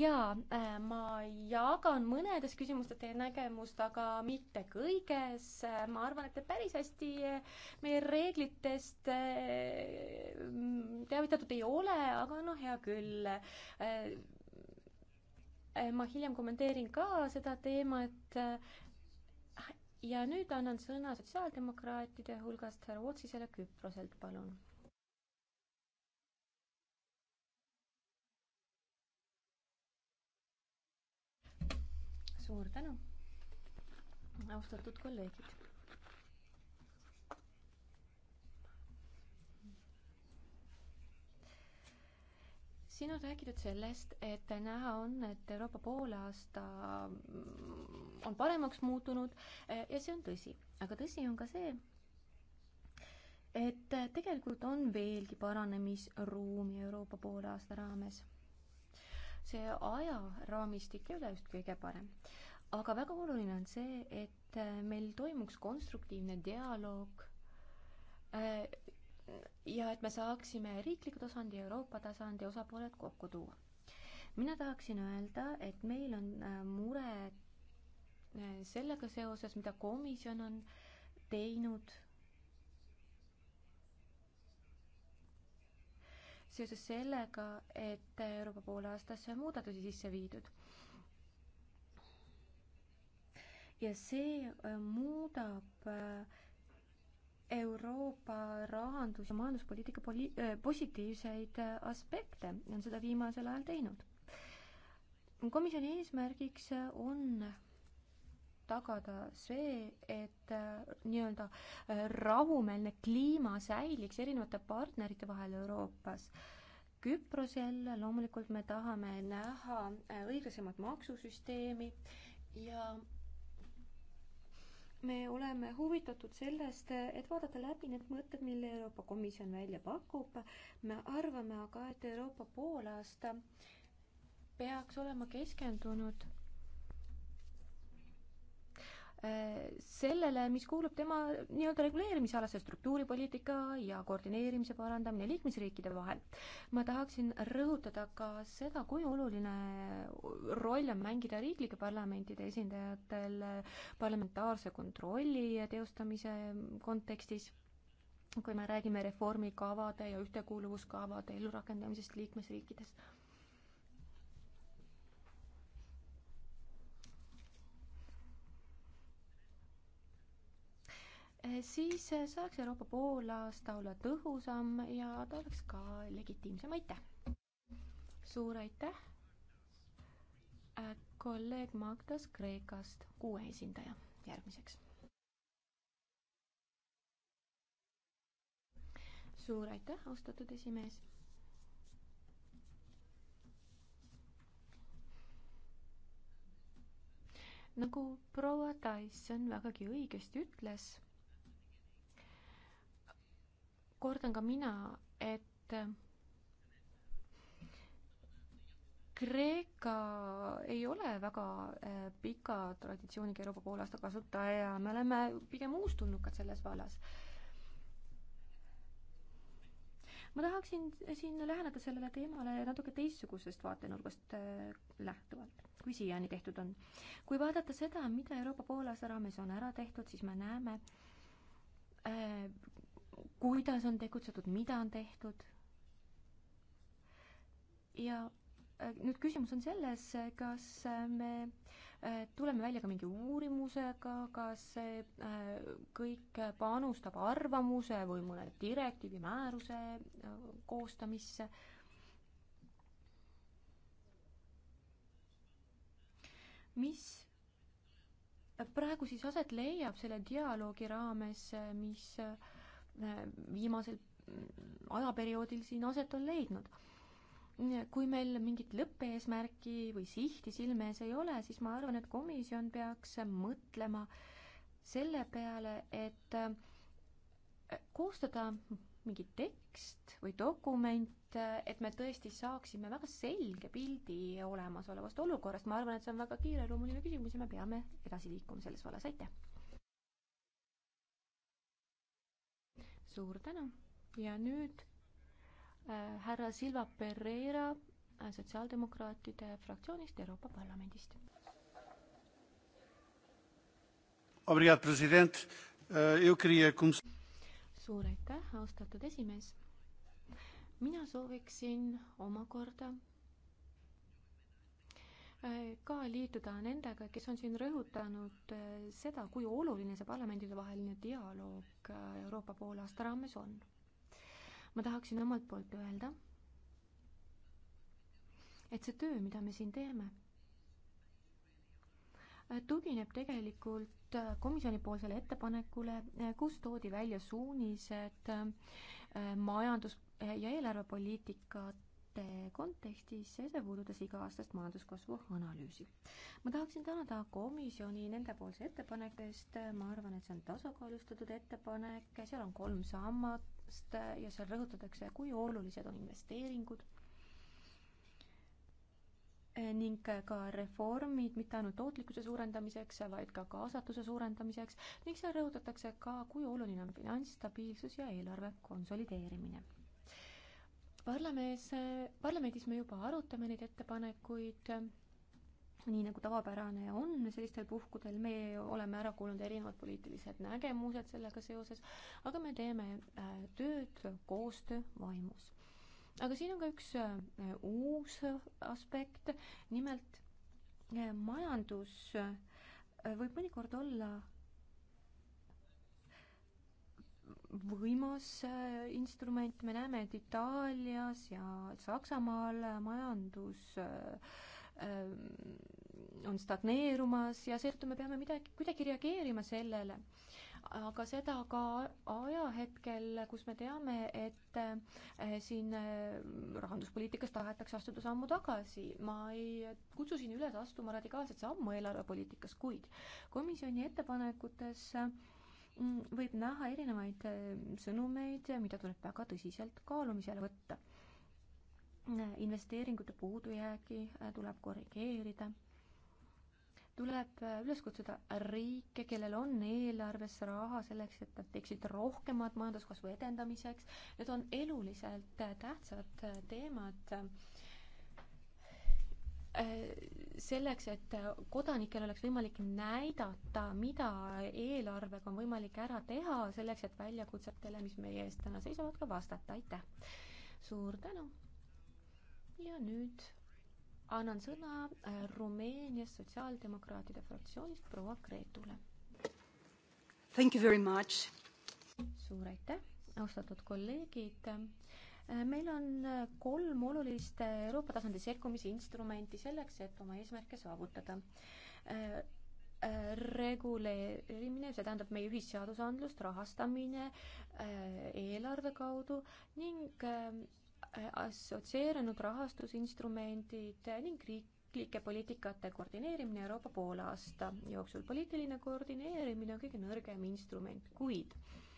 jaa, äh, ma jagan mõnedes küsimustes teie nägemust, aga mitte kõiges. ma arvan, et te päris hästi meie reeglitest teavitatud ei ole, aga noh, hea küll Eh, ma hiljem kommenteerin ka seda teemat. Eh, ja nüüd annan sõna sotsiaaldemokraatide hulgast härra Otsisele Küproselt, palun. suur tänu, austatud kolleegid siin on räägitud sellest, et näha on, et Euroopa poolaasta mm, on paremaks muutunud e, ja see on tõsi, aga tõsi on ka see, et tegelikult on veelgi paranemisruumi Euroopa poolaasta raames. see ajaraamistik ei ole just kõige parem, aga väga oluline on see, et meil toimuks konstruktiivne dialoog e, ja et me saaksime riikliku tasandi ja Euroopa tasandi osapooled kokku tuua. mina tahaksin öelda, et meil on äh, mure äh, sellega seoses, mida komisjon on teinud seoses sellega, et Euroopa poolaastasse on muudatusi sisse viidud. ja see äh, muudab äh, Euroopa rahandus- ja majanduspoliitika poli-, äh, positiivseid äh, aspekte ja on seda viimasel ajal teinud. komisjoni eesmärgiks äh, on tagada see, et nii-öelda rahumeelne kliima säiliks erinevate partnerite vahel Euroopas. Küprosel loomulikult me tahame näha õiglasemat maksusüsteemi ja me oleme huvitatud sellest, et vaadata läbi need mõtted, mille Euroopa Komisjon välja pakub. me arvame aga, et Euroopa poolaasta peaks olema keskendunud sellele, mis kuulub tema nii-öelda reguleerimisalase struktuuripoliitika ja koordineerimise parandamine liikmesriikide vahel. ma tahaksin rõhutada ka seda, kui oluline roll on mängida riiklike parlamentide esindajatel parlamentaarse kontrolli teostamise kontekstis kui me räägime reformikavade ja ühtekuuluvuskavade ellurakendamisest liikmesriikides Eh, siis eh, saaks Euroopa poolaasta olla tõhusam ja ta oleks ka legitiimsem, aitäh! suur aitäh! Eh, kolleeg Magdas Kreekast, kuue esindaja järgmiseks. suur aitäh, austatud esimees nagu proua Tyson vägagi õigesti ütles, kordan ka mina, et Kreeka ei ole väga äh, pika traditsiooniga Euroopa poolaasta kasutaja ja me oleme pigem uustulnukad selles vallas. ma tahaksin siin läheneda sellele teemale natuke teistsugusest vaatenurgast äh, lähtuvalt, kui siiani tehtud on. kui vaadata seda, mida Euroopa poolaasta raames on ära tehtud, siis me näeme äh, kuidas on tegutsetud, mida on tehtud. ja äh, nüüd küsimus on selles, kas äh, me äh, tuleme välja ka mingi uurimusega, kas kõik panustab arvamuse või mõne direktiivi määruse koostamisse. mis praegu siis aset leiab selle dialoogi raames, mis äh, viimasel mm, ajaperioodil siin aset on leidnud. kui meil mingit lõppeesmärki või sihti silme ees ei ole, siis ma arvan, et komisjon peaks mõtlema selle peale, et äh, koostada mingi tekst või dokument, et me tõesti saaksime väga selge pildi olemasolevast olukorrast, ma arvan, et see on väga kiireloomuline küsimus ja me peame edasi liikuma selles vallas, aitäh! suur tänu ja nüüd äh, härra Silva Pereira äh, sotsiaaldemokraatide fraktsioonist Euroopa Parlamendist. Äh, suur aitäh, austatud esimees. mina sooviksin omakorda ka liituda nendega, kes on siin rõhutanud äh, seda, kui oluline see parlamentidevaheline dialoog äh, Euroopa poolaasta raames on. ma tahaksin omalt poolt öelda, et see töö, mida me siin teeme, äh, tugineb tegelikult komisjonipoolsele ettepanekule, kus toodi välja suunised majandus- ja eelarvepoliitikat kontekstis ja see puudutas iga-aastast majanduskasvu analüüsi. ma tahaksin tänada komisjoni nendepoolse ettepaneku eest, ma arvan, et see on tasakaalustatud ettepanek, seal on kolm sammast ja seal rõhutatakse, kui olulised on investeeringud ning ka reformid mitte ainult tootlikkuse suurendamiseks, vaid ka kaasatuse suurendamiseks ning seal rõhutatakse ka, kui oluline on finantsstabiilsus ja eelarve konsolideerimine parlamendis, parlamendis me juba arutame neid ettepanekuid, nii nagu tavapärane on sellistel puhkudel, me oleme ära kuulanud erinevad poliitilised nägemused sellega seoses, aga me teeme äh, tööd koostöö vaimus. aga siin on ka üks äh, uus aspekt, nimelt äh, majandus võib mõnikord olla võimas äh, instrument, me näeme, et Itaalias ja Saksamaal äh, majandus äh, ähm, on stagneerumas ja seetõttu me peame midagi, kuidagi reageerima sellele. aga seda ka ajahetkel, kus me teame, et siin rahanduspoliitikas tahetakse astuda sammu tagasi. ma ei kutsu siin üles astuma radikaalset sammu eelarvepoliitikas, kuid komisjoni ettepanekutes äh, Mm, võib näha erinevaid äh, sõnumeid, mida tuleb väga tõsiselt kaalumisele võtta. Äh, investeeringute puudujäägi äh, tuleb korrigeerida tuleb üles kutsuda riike, kellel on eelarves raha selleks, et nad teeksid rohkemat majanduskasvu edendamiseks. Need on eluliselt tähtsad teemad selleks, et kodanikel oleks võimalik näidata, mida eelarvega on võimalik ära teha, selleks et väljakutsetele, mis meie ees täna seisavad, ka vastata, aitäh! suur tänu! ja nüüd annan sõna äh, Rumeenias Sotsiaaldemokraatide fraktsioonist proua Gretule. Thank you very much! suur aitäh, austatud kolleegid! Äh, meil on äh, kolm olulist äh, Euroopa tasandi sekkumisinstrumenti selleks, et oma eesmärke saavutada. reguleerimine, see tähendab meie ühisseadusandlust, rahastamine eelarve kaudu ning assotsieerunud rahastusinstrumendid ning riiklike poliitikate koordineerimine Euroopa poolaasta jooksul. poliitiline koordineerimine on kõige nõrgem instrument, kuid äh,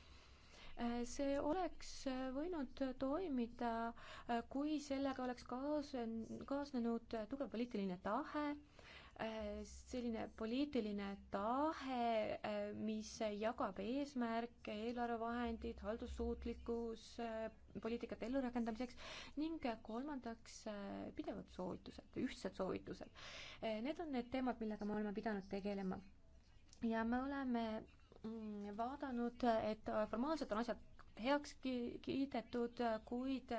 Äh, see oleks äh, võinud toimida, äh, kui sellega oleks kaas-, kaasnenud tugev poliitiline tahe, selline poliitiline tahe, mis jagab eesmärke, eelarvevahendid, haldussuutlikkus, poliitikate ellurakendamiseks ning kolmandaks pidevad soovitused, ühtsed soovitused. Need on need teemad, millega me oleme pidanud tegelema. ja me oleme Mm, vaadanud, et formaalselt on asjad heaks kiidetud, kuid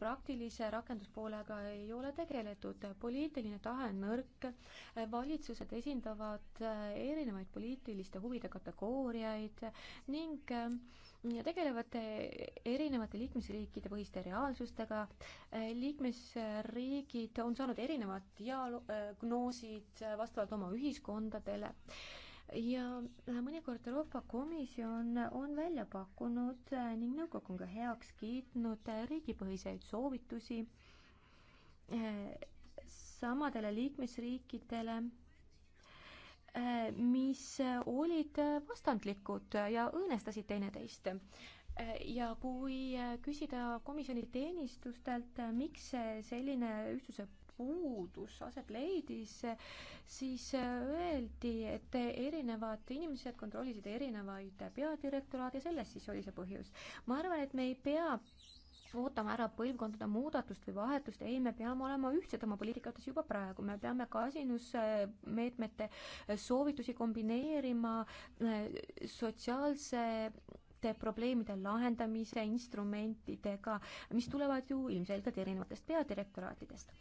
praktilise rakenduspoolega ei ole tegeletud. poliitiline tahe on nõrk, valitsused esindavad erinevaid poliitiliste huvide kategooriaid ning tegelevad erinevate liikmesriikide põhiste reaalsustega. liikmesriigid on saanud erinevad diagnoosid äh, vastavalt oma ühiskondadele ja äh, mõnikord Euroopa Komisjon on välja pakkunud äh, ning nõukogu on ka heaks kiitnud äh, riigipõhiseid soovitusi samadele liikmesriikidele, mis olid vastandlikud ja õõnestasid teineteist. ja kui küsida komisjoni teenistustelt, miks selline ühtsuse puudus aset leidis, siis äh, öeldi, et erinevad inimesed kontrollisid erinevaid peadirektoraate ja selles siis oli see põhjus. ma arvan, et me ei pea ootama ära põlvkondade muudatust või vahetust, ei, me peame olema ühtsed oma poliitikates juba praegu, me peame kasinusmeetmete äh, soovitusi kombineerima äh, sotsiaalse probleemide lahendamise instrumentidega, mis tulevad ju ilmselgelt erinevatest peadirektoraatidest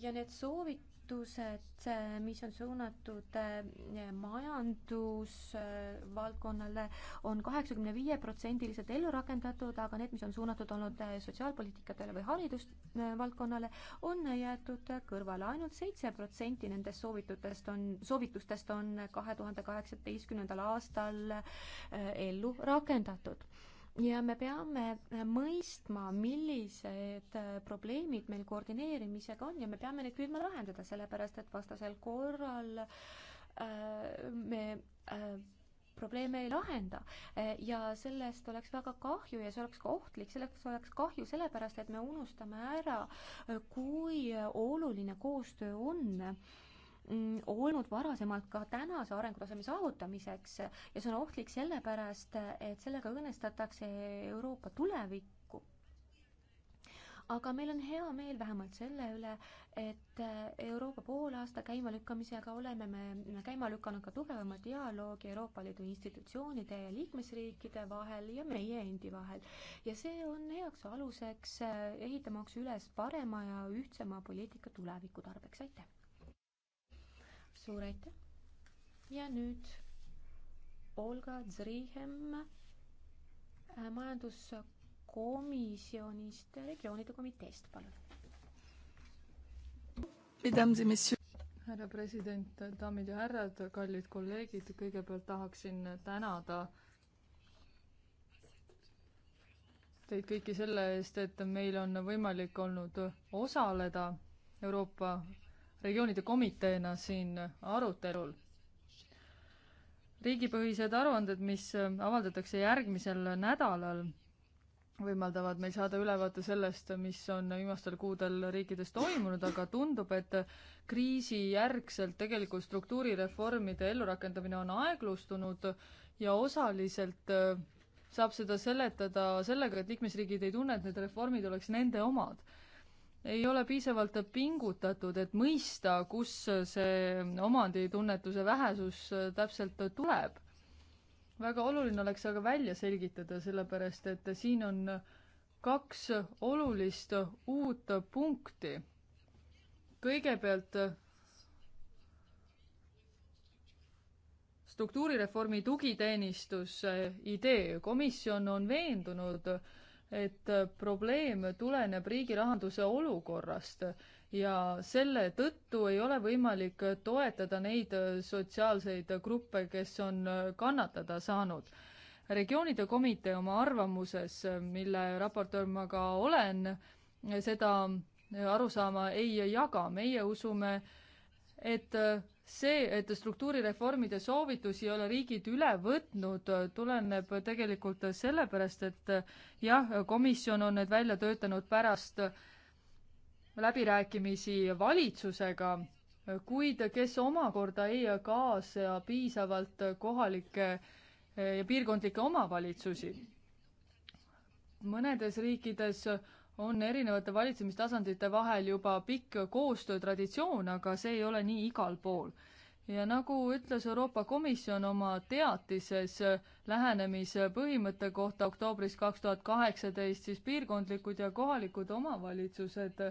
ja need soovitused, eh, mis on suunatud eh, majandusvaldkonnale on, on kaheksakümne viie protsendiliselt ellu rakendatud, aga need, mis on suunatud olnud eh, sotsiaalpoliitikatele või haridusvaldkonnale, on jäetud kõrvale. ainult seitse protsenti nendest soovitutest on, soovitustest on kahe tuhande kaheksateistkümnendal aastal ellu rakendatud ja me peame äh, mõistma, millised äh, probleemid meil koordineerimisega on ja me peame neid püüdma lahendada, sellepärast et vastasel korral äh, me äh, probleeme ei lahenda. Äh, ja sellest oleks väga kahju ja see oleks ka ohtlik, selleks oleks kahju sellepärast, et me unustame ära, kui oluline koostöö on äh, Mm, olnud varasemalt ka tänase arengutaseme saavutamiseks ja see on ohtlik sellepärast, et sellega õõnestatakse Euroopa tulevikku. aga meil on hea meel vähemalt selle üle, et Euroopa poolaasta käimalükkamisega oleme me käima lükanud ka tugevama dialoogi Euroopa Liidu institutsioonide ja liikmesriikide vahel ja meie endi vahel. ja see on heaks aluseks ehitamaks üles parema ja ühtsema poliitika tuleviku tarbeks, aitäh! suur aitäh! ja nüüd Olga Zrihem äh, majanduskomisjonist, äh, regioonide komiteest, palun. härra president, daamid ja härrad, kallid kolleegid, kõigepealt tahaksin tänada teid kõiki selle eest, et meil on võimalik olnud osaleda Euroopa regioonide komiteena siin arutelul. riigipõhised aruanded, mis äh, avaldatakse järgmisel nädalal, võimaldavad meil saada ülevaate sellest, mis on viimastel kuudel riikides toimunud, aga tundub, et kriisijärgselt tegelikult struktuurireformide ellurakendamine on aeglustunud ja osaliselt äh, saab seda seletada sellega, et liikmesriigid ei tunne, et need reformid oleks nende omad ei ole piisavalt pingutatud, et mõista, kus see omanditunnetuse vähesus täpselt tuleb. väga oluline oleks aga välja selgitada, sellepärast et siin on kaks olulist uut punkti. kõigepealt struktuurireformi tugiteenistuse idee, komisjon on veendunud, et äh, probleem tuleneb riigi rahanduse olukorrast ja selle tõttu ei ole võimalik toetada neid äh, sotsiaalseid gruppe, kes on äh, kannatada saanud. regioonide komitee oma arvamuses, mille raportöör ma ka olen, seda arusaama ei jaga, meie usume, et see, et struktuurireformide soovitusi ei ole riigid üle võtnud, tuleneb tegelikult sellepärast, et jah, komisjon on need välja töötanud pärast läbirääkimisi valitsusega, kuid kes omakorda ei kaasa piisavalt kohalikke ja piirkondlikke omavalitsusi. mõnedes riikides on erinevate valitsemistasandite vahel juba pikk koostöötraditsioon, aga see ei ole nii igal pool. ja nagu ütles Euroopa Komisjon oma teatises lähenemispõhimõtte kohta oktoobris kaks tuhat kaheksateist, siis piirkondlikud ja kohalikud omavalitsused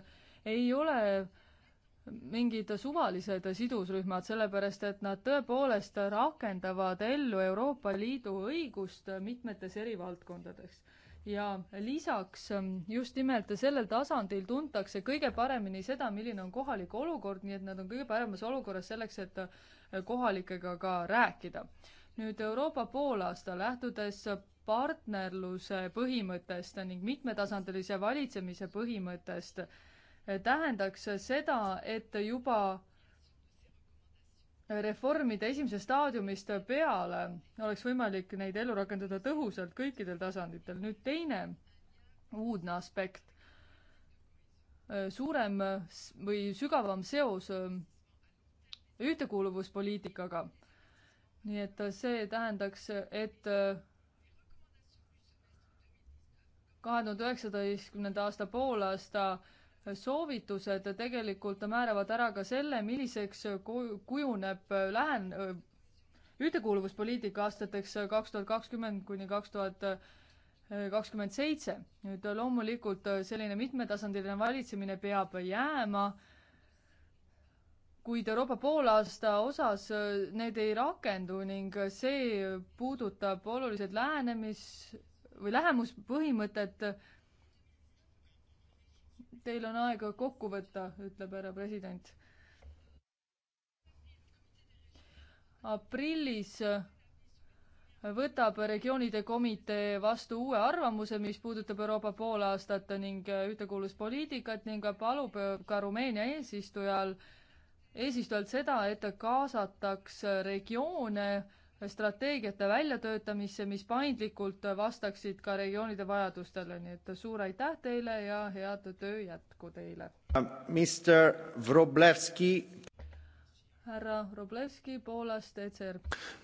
ei ole mingid suvalised sidusrühmad, sellepärast et nad tõepoolest rakendavad ellu Euroopa Liidu õigust mitmetes eri valdkondades ja lisaks ähm, just nimelt sellel tasandil tuntakse kõige paremini seda, milline on kohalik olukord, nii et nad on kõige paremas olukorras selleks, et äh, kohalikega ka rääkida. nüüd Euroopa poolaasta lähtudes partnerluse põhimõttest ning mitmetasandilise valitsemise põhimõttest, äh, tähendaks seda, et juba reformide esimesest staadiumist peale oleks võimalik neid ellu rakendada tõhusalt kõikidel tasanditel. nüüd teine uudne aspekt, suurem või sügavam seos äh, ühtekuuluvuspoliitikaga. nii et see tähendaks, et äh, kahe tuhande üheksateistkümnenda aasta poolaasta äh, soovitused tegelikult määravad ära ka selle, milliseks kujuneb lähen-, ühtekuuluvuspoliitika aastateks kaks tuhat kakskümmend kuni kaks tuhat kakskümmend seitse. nüüd loomulikult selline mitmetasandiline valitsemine peab jääma, kuid Euroopa poolaasta osas need ei rakendu ning see puudutab oluliselt lähenemis- või lähemuspõhimõtet, teil on aega kokku võtta, ütleb härra president. aprillis võtab regioonide komitee vastu uue arvamuse, mis puudutab Euroopa poolaastat ning ühtekuuluvuspoliitikat ning palub ka Rumeenia eesistujal, eesistujalt seda, et kaasataks regioone strateegiate väljatöötamisse, mis paindlikult vastaksid ka regioonide vajadustele, nii et suur aitäh teile ja head töö jätku teile! Uh, Mr Wroblewski. Härra Wroblewski, Poolast, ECR.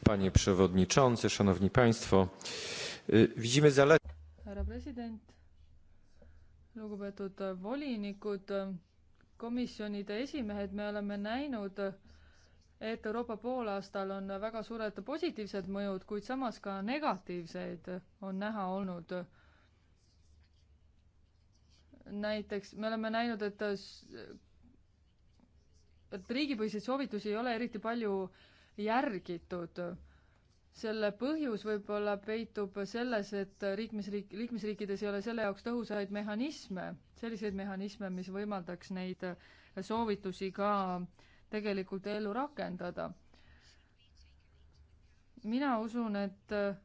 Panie przewodniczący, szanowni państwo, widzimy zale-. härra president, lugupeetud volinikud, komisjonide esimehed, me oleme näinud et Euroopa poolaastal on väga suured positiivsed mõjud, kuid samas ka negatiivseid on näha olnud. näiteks me oleme näinud, et et riigipõhiseid soovitusi ei ole eriti palju järgitud. selle põhjus võib-olla peitub selles, et liikmesriik, liikmesriikides ei ole selle jaoks tõhusaid mehhanisme, selliseid mehhanisme, mis võimaldaks neid soovitusi ka äh, tegelikult ellu rakendada. mina usun, et äh,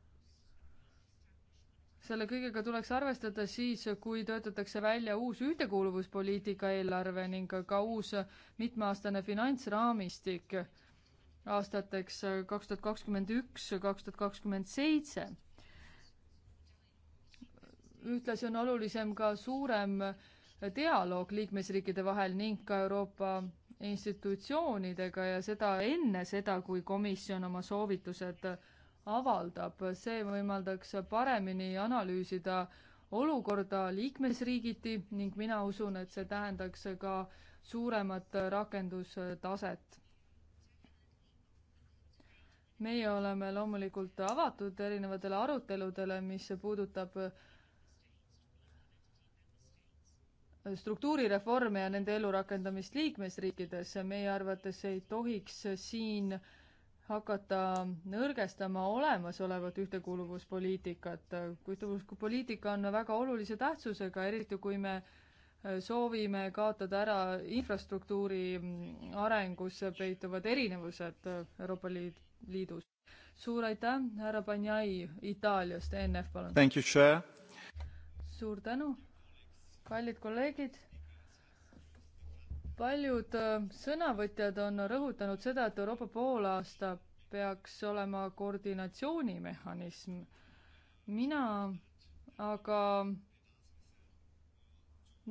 selle kõigega tuleks arvestada siis, kui töötatakse välja uus ühtekuuluvuspoliitika eelarve ning ka uus mitmeaastane finantsraamistik aastateks äh, kaks tuhat kakskümmend üks, kaks tuhat kakskümmend seitse. ühtlasi on olulisem ka suurem äh, dialoog liikmesriikide vahel ning ka Euroopa institutsioonidega ja seda enne seda, kui komisjon oma soovitused avaldab, see võimaldaks paremini analüüsida olukorda liikmesriigiti ning mina usun, et see tähendaks ka suuremat rakendustaset. meie oleme loomulikult avatud erinevatele aruteludele, mis puudutab struktuurireforme ja nende elurakendamist liikmesriikides. meie arvates ei tohiks siin hakata nõrgestama olemasolevat ühtekuuluvuspoliitikat. ühtekuuluvuspoliitika on väga olulise tähtsusega, eriti kui me soovime kaotada ära infrastruktuuri arengus peituvad erinevused Euroopa Liidus. suur aitäh, härra Banjai Itaaliast, e NF palun! suur tänu! kallid kolleegid, paljud äh, sõnavõtjad on rõhutanud seda, et Euroopa poolaasta peaks olema koordinatsioonimehhanism. mina aga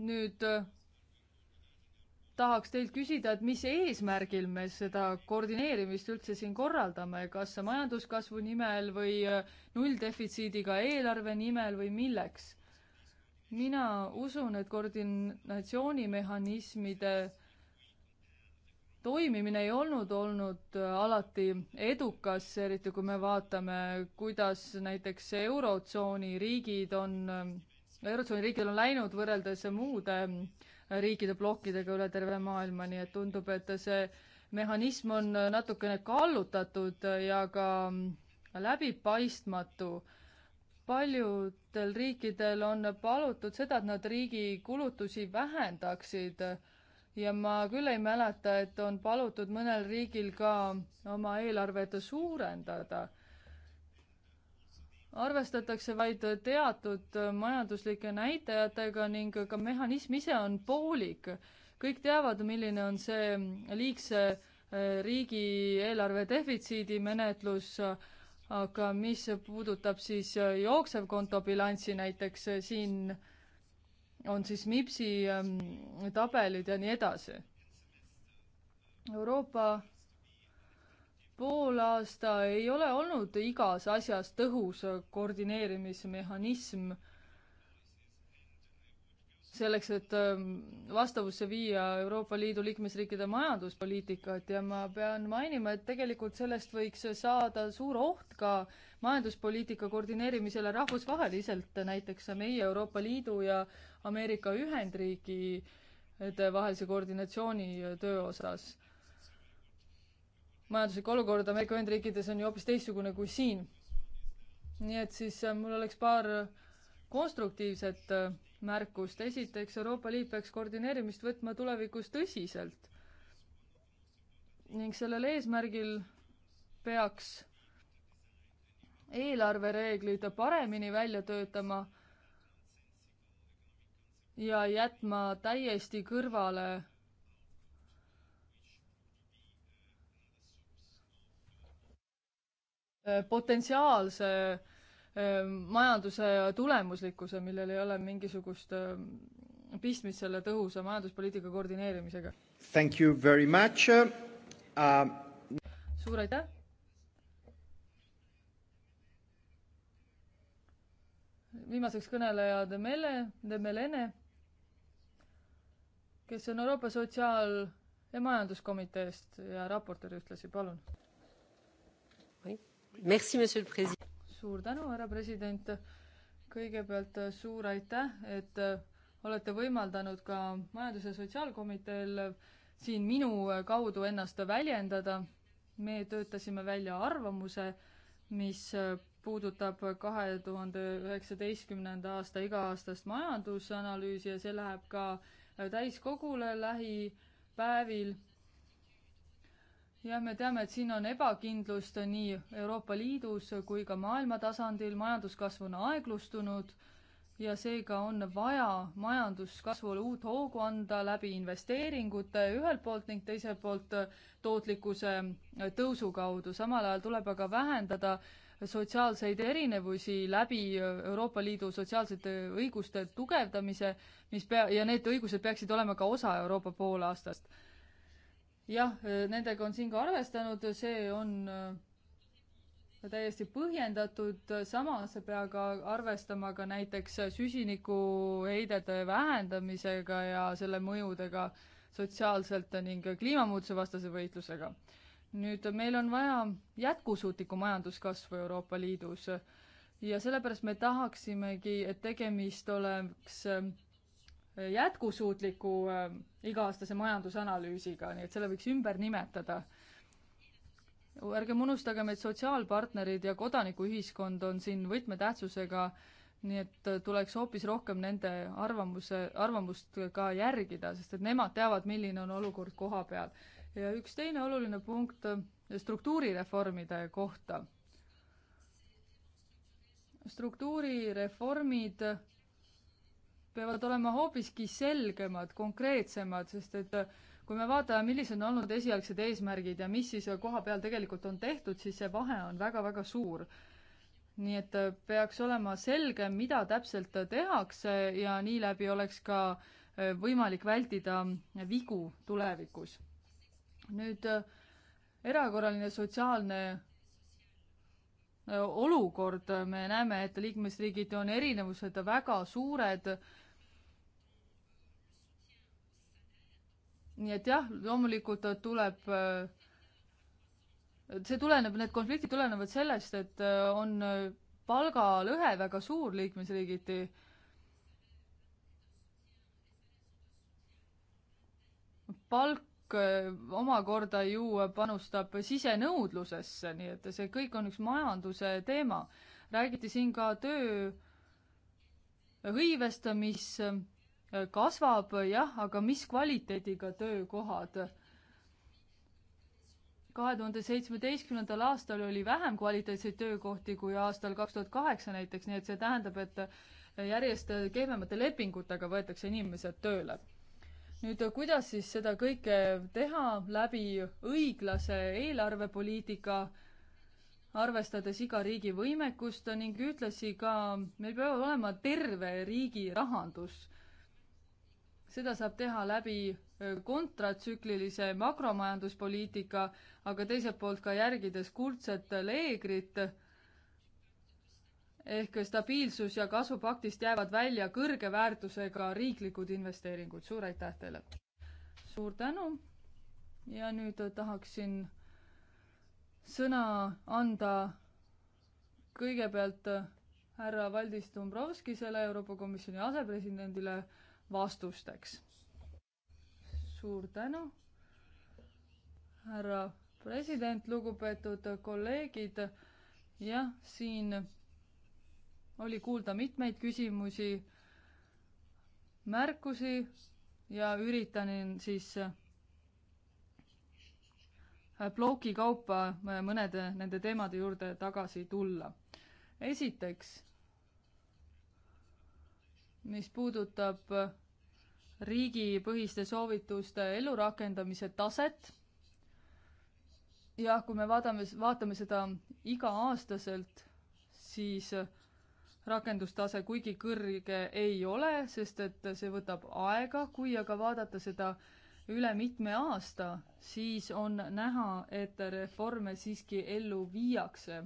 nüüd äh, tahaks teilt küsida, et mis eesmärgil me seda koordineerimist üldse siin korraldame, kas majanduskasvu nimel või äh, nulldefitsiidiga eelarve nimel või milleks? mina usun, et koordinatsioonimehhanismide toimimine ei olnud olnud äh, alati edukas, eriti kui me vaatame, kuidas näiteks Eurotsooni riigid on, äh, Eurotsooni riigid on läinud võrreldes muude äh, riikide plokkidega üle terve maailma, nii et tundub, et see mehhanism on natukene kallutatud ja ka mm, läbipaistmatu äh, paljudel riikidel on palutud seda, et nad riigi kulutusi vähendaksid ja ma küll ei mäleta, et on palutud mõnel riigil ka oma eelarvet suurendada. arvestatakse vaid teatud majanduslike näitajatega ning ka mehhanism ise on poolik. kõik teavad, milline on see liigse eh, riigieelarve defitsiidi menetlus äh, aga mis puudutab siis äh, jooksevkonto bilanssi näiteks, äh, siin on siis MIPSi ähm, tabelid ja nii edasi. Euroopa poolaasta ei ole olnud igas asjas tõhus koordineerimismehhanism selleks, et ähm, vastavusse viia Euroopa Liidu liikmesriikide majanduspoliitikat ja ma pean mainima, et tegelikult sellest võiks saada suur oht ka majanduspoliitika koordineerimisele rahvusvaheliselt, näiteks meie Euroopa Liidu ja Ameerika Ühendriikide vahelise koordinatsiooni töö osas. majanduslik olukord Ameerika Ühendriikides on ju hoopis teistsugune kui siin. nii et siis äh, mul oleks paar konstruktiivset äh, märkust. esiteks, Euroopa Liit peaks koordineerimist võtma tulevikus tõsiselt ning sellel eesmärgil peaks eelarvereeglid paremini välja töötama ja jätma täiesti kõrvale potentsiaalse majanduse tulemuslikkuse, millel ei ole mingisugust pistmist selle tõhusa majanduspoliitika koordineerimisega. Thank you very much uh.... suur aitäh. viimaseks kõneleja Demele, Demelene, kes on Euroopa Sotsiaal- ja Majanduskomiteest ja raportöör ühtlasi, palun. Merci, monsieur le president suur tänu, härra president. kõigepealt äh, suur aitäh, et äh, olete võimaldanud ka Majandus- ja Sotsiaalkomiteel äh, siin minu kaudu ennast väljendada. me töötasime välja arvamuse, mis puudutab kahe tuhande üheksateistkümnenda aasta iga-aastast majandusanalüüsi ja see läheb ka täiskogule lähipäevil jah, me teame, et siin on ebakindlust nii Euroopa Liidus kui ka maailma tasandil, majanduskasv on aeglustunud ja seega on vaja majanduskasvule uut hoogu anda läbi investeeringute ühelt poolt ning teiselt poolt tootlikkuse tõusu kaudu. samal ajal tuleb aga vähendada sotsiaalseid erinevusi läbi Euroopa Liidu sotsiaalsete õiguste tugevdamise, mis pea, ja need õigused peaksid olema ka osa Euroopa poolaastast jah, e, nendega on siin ka arvestanud, see on e, täiesti põhjendatud, samas peab ka arvestama ka näiteks süsinikuheidete vähendamisega ja selle mõjudega sotsiaalselt ning kliimamuutuse vastase võitlusega. nüüd meil on vaja jätkusuutlikku majanduskasvu Euroopa Liidus ja sellepärast me tahaksimegi, et tegemist oleks jätkusuutliku äh, iga-aastase majandusanalüüsiga, nii et selle võiks ümber nimetada. ärgem unustagem, et sotsiaalpartnerid ja kodanikuühiskond on siin võtmetähtsusega, nii et tuleks hoopis rohkem nende arvamuse, arvamust ka järgida, sest et nemad teavad, milline on olukord koha peal. ja üks teine oluline punkt äh, struktuurireformide kohta. struktuurireformid peavad olema hoopiski selgemad, konkreetsemad, sest et äh, kui me vaatame, millised on olnud esialgsed eesmärgid ja mis siis äh, koha peal tegelikult on tehtud, siis see vahe on väga-väga suur. nii et äh, peaks olema selge, mida täpselt tehakse ja nii läbi oleks ka võimalik vältida vigu tulevikus. nüüd erakorraline sotsiaalne olukord, me näeme, et liikmesriigid on erinevused väga suured nii et jah, loomulikult tuleb see tuleneb, need konfliktid tulenevad sellest, et äh, on äh, palgalõhe väga suur liikmesriigiti. palk äh, omakorda ju panustab sisenõudlusesse, nii et see kõik on üks majanduse teema. räägiti siin ka tööhõivest, mis Äh, kasvab jah, aga mis kvaliteediga töökohad? kahe tuhande seitsmeteistkümnendal aastal oli vähem kvaliteetseid töökohti kui aastal kaks tuhat kaheksa näiteks, nii et see tähendab, et äh, järjest äh, kehvemate lepingutega võetakse inimesed tööle. nüüd kuidas siis seda kõike teha läbi õiglase eelarvepoliitika, arvestades iga riigi võimekust ning ühtlasi ka, meil peab olema terve riigi rahandus seda saab teha läbi kontratsüklilise makromajanduspoliitika, aga teiselt poolt ka järgides kuldset leegrit, ehk stabiilsus- ja kasvupaktist jäävad välja kõrge väärtusega riiklikud investeeringud, suur aitäh teile! suur tänu ja nüüd tahaksin sõna anda kõigepealt härra Valdis Dombrovskisele, Euroopa Komisjoni asepresidendile, vastusteks. suur tänu, härra president, lugupeetud kolleegid. jah, siin oli kuulda mitmeid küsimusi, märkusi ja üritan siis äh, ploki kaupa äh, mõnede nende teemade juurde tagasi tulla. esiteks mis puudutab riigipõhiste soovituste ellurakendamise taset. jah, kui me vaatame, vaatame seda iga-aastaselt, siis rakendustase kuigi kõrge ei ole, sest et see võtab aega, kui aga vaadata seda üle mitme aasta, siis on näha, et reforme siiski ellu viiakse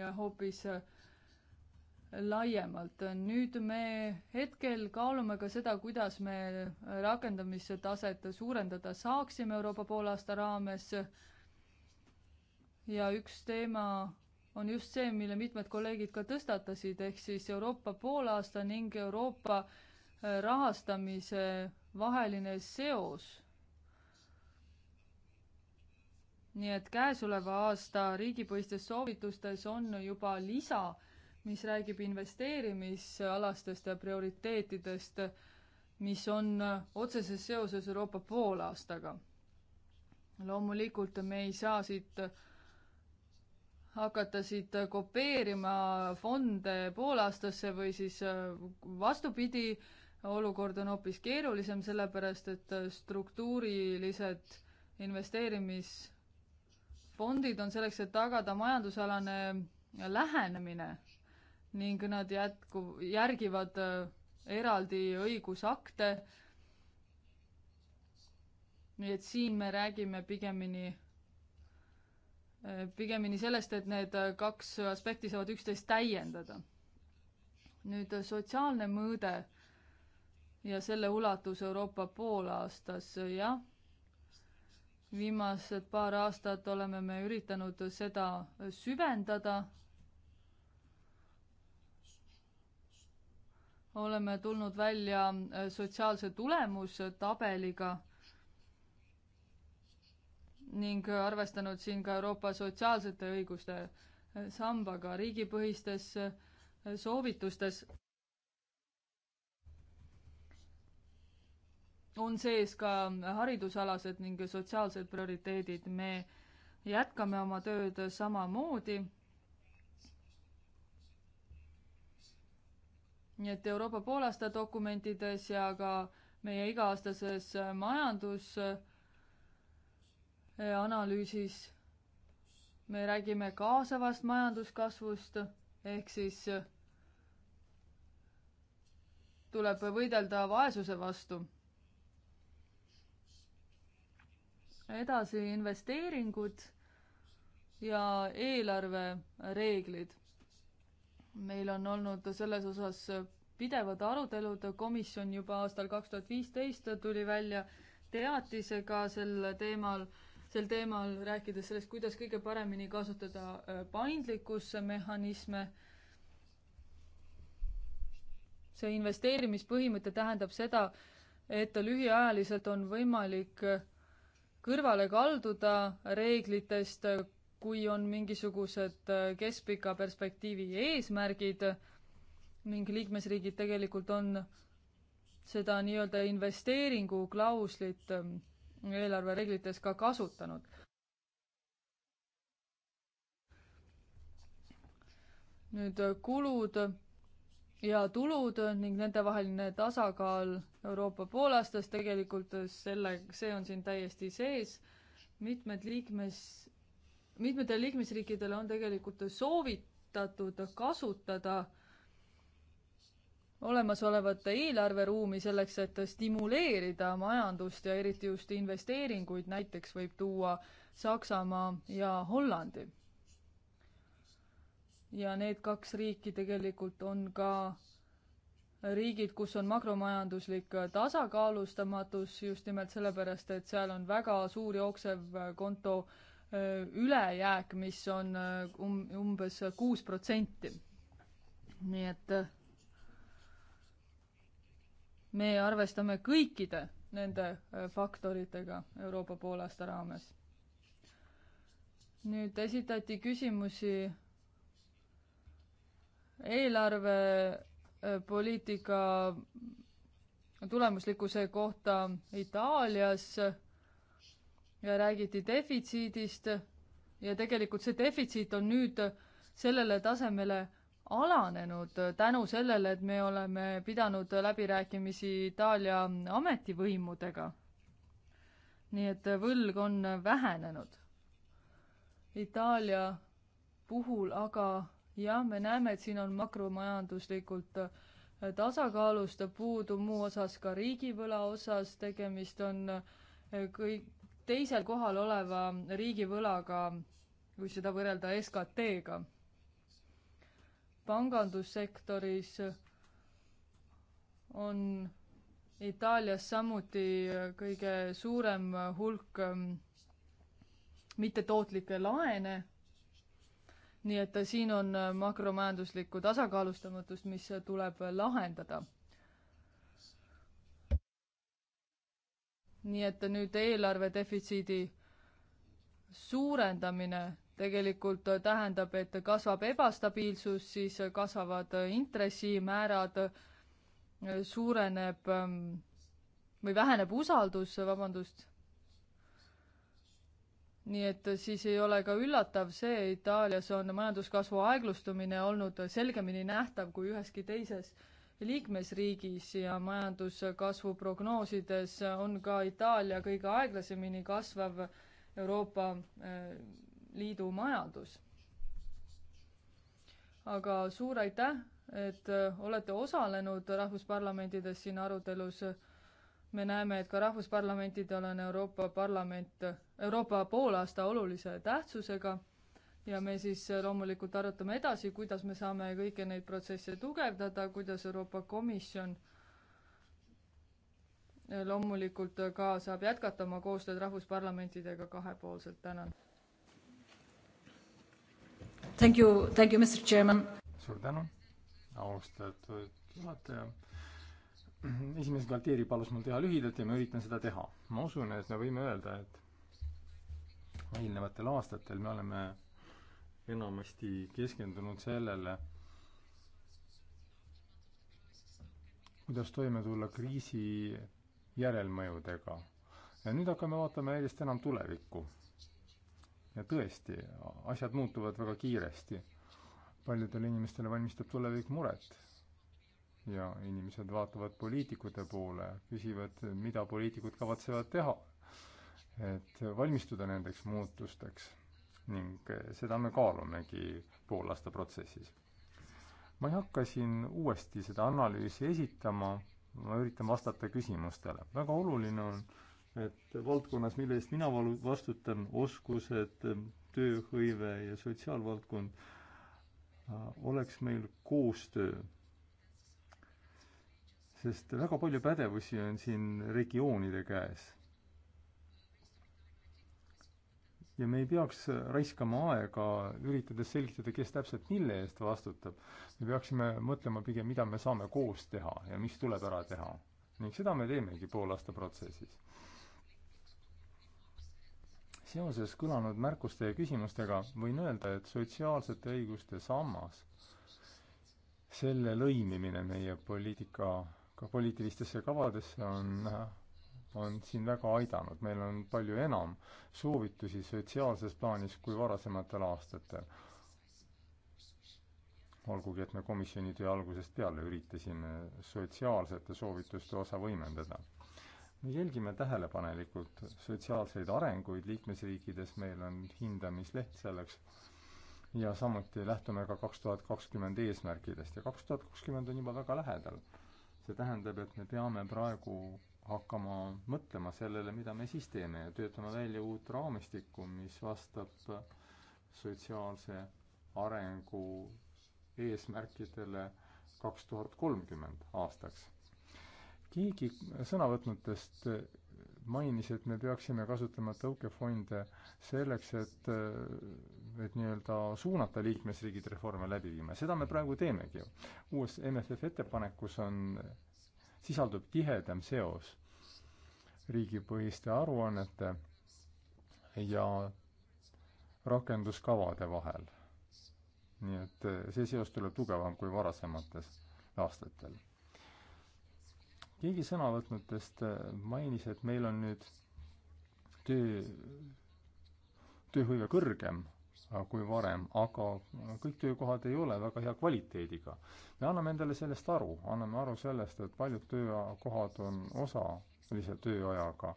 ja hoopis äh, laiemalt. nüüd me hetkel kaalume ka seda, kuidas me rakendamise taset suurendada saaksime Euroopa poolaasta raames. ja üks teema on just see, mille mitmed kolleegid ka tõstatasid, ehk siis Euroopa poolaasta ning Euroopa äh, rahastamise vaheline seos. nii et käesoleva aasta riigipõhistes soovitustes on juba lisa mis räägib investeerimisalastest ja prioriteetidest, mis on otseses seoses Euroopa poolaastaga. loomulikult me ei saa siit hakata siit kopeerima fonde poolaastasse või siis vastupidi, olukord on hoopis keerulisem, sellepärast et struktuurilised investeerimisfondid on selleks, et tagada majandusalane lähenemine ning nad jätku-, järgivad äh, eraldi õigusakte. nii et siin me räägime pigemini, äh, pigemini sellest, et need äh, kaks aspekti saavad üksteist täiendada. nüüd sotsiaalne mõõde ja selle ulatus Euroopa poolaastas, jah. viimased paar aastat oleme me üritanud seda süvendada oleme tulnud välja äh, sotsiaalse tulemustabeliga ning arvestanud siin ka Euroopa sotsiaalsete õiguste äh, sambaga riigipõhistes äh, soovitustes on sees ka haridusalased ning sotsiaalsed prioriteedid. me jätkame oma tööd samamoodi nii et Euroopa poolaasta dokumentides ja ka meie iga-aastases äh, majandus äh, analüüsis me räägime kaasavast majanduskasvust, ehk siis äh, tuleb võidelda vaesuse vastu. edasi investeeringud ja eelarvereeglid meil on olnud selles osas pidevad arutelud, komisjon juba aastal kaks tuhat viisteist tuli välja teatisega sel teemal, sel teemal, rääkides sellest, kuidas kõige paremini kasutada äh, paindlikkusmehhanisme. see investeerimispõhimõte tähendab seda, et lühiajaliselt on võimalik kõrvale kalduda reeglitest kui on mingisugused äh, keskpika perspektiivi eesmärgid ning liikmesriigid tegelikult on seda nii-öelda investeeringuklauslit ähm, eelarvereeglites ka kasutanud. nüüd äh, kulud ja tulud ning nendevaheline tasakaal Euroopa poolaastas, tegelikult äh, selle, see on siin täiesti sees. mitmed liikmes mitmetele liikmesriikidele on tegelikult soovitatud kasutada olemasolevat eelarveruumi selleks, et stimuleerida majandust ja eriti just investeeringuid, näiteks võib tuua Saksamaa ja Hollandi. ja need kaks riiki tegelikult on ka riigid, kus on makromajanduslik tasakaalustamatus just nimelt sellepärast, et seal on väga suur jooksev konto äh, ülejääk, mis on um-, umbes kuus protsenti. nii et me arvestame kõikide nende faktoritega Euroopa poolaasta raames. nüüd esitati küsimusi eelarvepoliitika tulemuslikkuse kohta Itaalias räägiti defitsiidist ja tegelikult see defitsiit on nüüd sellele tasemele alanenud tänu sellele, et me oleme pidanud läbirääkimisi Itaalia ametivõimudega. nii et võlg on vähenenud. Itaalia puhul aga jah, me näeme, et siin on makromajanduslikult tasakaalust puudu, muu osas ka riigivõla osas, tegemist on kõik, teisel kohal oleva riigivõlaga, kui seda võrrelda SKT-ga. pangandussektoris on Itaalias samuti kõige suurem hulk ähm, mittetootlikke laene, nii et siin on äh, makromajanduslikku tasakaalustamatust, mis tuleb lahendada nii et nüüd eelarve defitsiidi suurendamine tegelikult tähendab, et kasvab ebastabiilsus, siis kasvavad intressimäärad, suureneb ähm, või väheneb usaldus, vabandust. nii et siis ei ole ka üllatav see, Itaalias on majanduskasvu aeglustumine olnud selgemini nähtav kui üheski teises äh, liikmesriigis ja majanduskasvu prognoosides on ka Itaalia kõige aeglasemini kasvav Euroopa eh, Liidu majandus. aga suur aitäh, et eh, olete osalenud rahvusparlamentides siin arutelus. me näeme, et ka rahvusparlamentidel on Euroopa Parlament, Euroopa poolaasta olulise tähtsusega ja me siis äh, loomulikult arutame edasi, kuidas me saame kõiki neid protsesse tugevdada, kuidas Euroopa Komisjon äh, loomulikult äh, ka saab jätkata oma koostööd rahvusparlamentidega kahepoolselt, tänan. Thank you, thank you, Mr Chairman. suur tänu, austatud juhataja esimees Galtieri palus mul teha lühidalt ja ma üritan seda teha. ma usun, et me võime öelda, et eelnevatel aastatel me oleme enamasti keskendunud sellele, kuidas toime tulla kriisi järelmõjudega. ja nüüd hakkame vaatama järjest enam tulevikku. ja tõesti, asjad muutuvad väga kiiresti. paljudele inimestele valmistab tulevik muret. ja inimesed vaatavad poliitikute poole, küsivad, mida poliitikud kavatsevad teha, et valmistuda nendeks muutusteks ning eh, seda me kaalumegi poolaasta protsessis. ma ei hakka siin uuesti seda analüüsi esitama, ma üritan vastata küsimustele. väga oluline on, et valdkonnas, mille eest mina valu-, vastutan, oskused, tööhõive ja sotsiaalvaldkond, äh, oleks meil koostöö. sest väga palju pädevusi on siin regioonide käes ja me ei peaks raiskama aega, üritades selgitada, kes täpselt mille eest vastutab. me peaksime mõtlema pigem, mida me saame koos teha ja mis tuleb ära teha. ning seda me teemegi poolaasta protsessis. seoses kõlanud märkuste ja küsimustega võin öelda, et sotsiaalsete õiguste sammas, selle lõimimine meie poliitika, ka poliitilistesse kavadesse on äh, on siin väga aidanud, meil on palju enam soovitusi sotsiaalses plaanis kui varasematel aastatel. olgugi, et me komisjoni töö algusest peale üritasime sotsiaalsete soovituste osa võimendada. me jälgime tähelepanelikult sotsiaalseid arenguid liikmesriikides, meil on hindamisleht selleks, ja samuti lähtume ka kaks tuhat kakskümmend eesmärkidest ja kaks tuhat kakskümmend on juba väga lähedal. see tähendab, et me peame praegu hakkama mõtlema sellele, mida me siis teeme ja töötama välja uut raamistikku, mis vastab sotsiaalse arengu eesmärkidele kaks tuhat kolmkümmend aastaks. keegi sõnavõtnutest mainis, et me peaksime kasutama tõukefonde selleks, et, et nii-öelda suunata liikmesriigid reforme läbi viima. seda me praegu teemegi ju. uues MFF ettepanekus on sisaldub tihedam seos riigipõhiste aruannete ja rakenduskavade vahel. nii et eh, see seos tuleb tugevam kui varasemates aastatel. keegi sõnavõtnutest eh, mainis, et meil on nüüd töö, tööhõive kõrgem Äh, kui varem, aga kõik töökohad ei ole väga hea kvaliteediga. me anname endale sellest aru, anname aru sellest, et paljud töökohad on osalise tööajaga,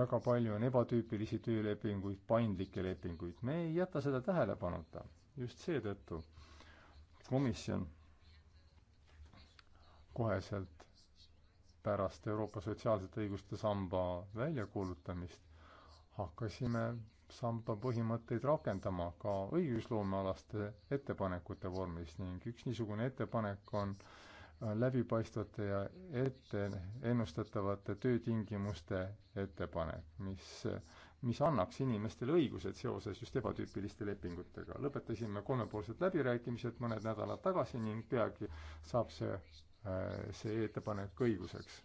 väga palju on ebatüüpilisi töölepinguid, paindlikke lepinguid, me ei jäta seda tähelepanuta. just seetõttu komisjon koheselt pärast Euroopa sotsiaalsete õiguste samba väljakuulutamist hakkasime samba põhimõtteid rakendama ka õigusloomealaste ettepanekute vormis ning üks niisugune ettepanek on äh, läbipaistvate ja ette ennustatavate töötingimuste ettepanek, mis, mis annaks inimestele õigused seoses just ebatüüpiliste lepingutega. lõpetasime kolmepoolsed läbirääkimised mõned nädalad tagasi ning peagi saab see, äh, see ettepanek õiguseks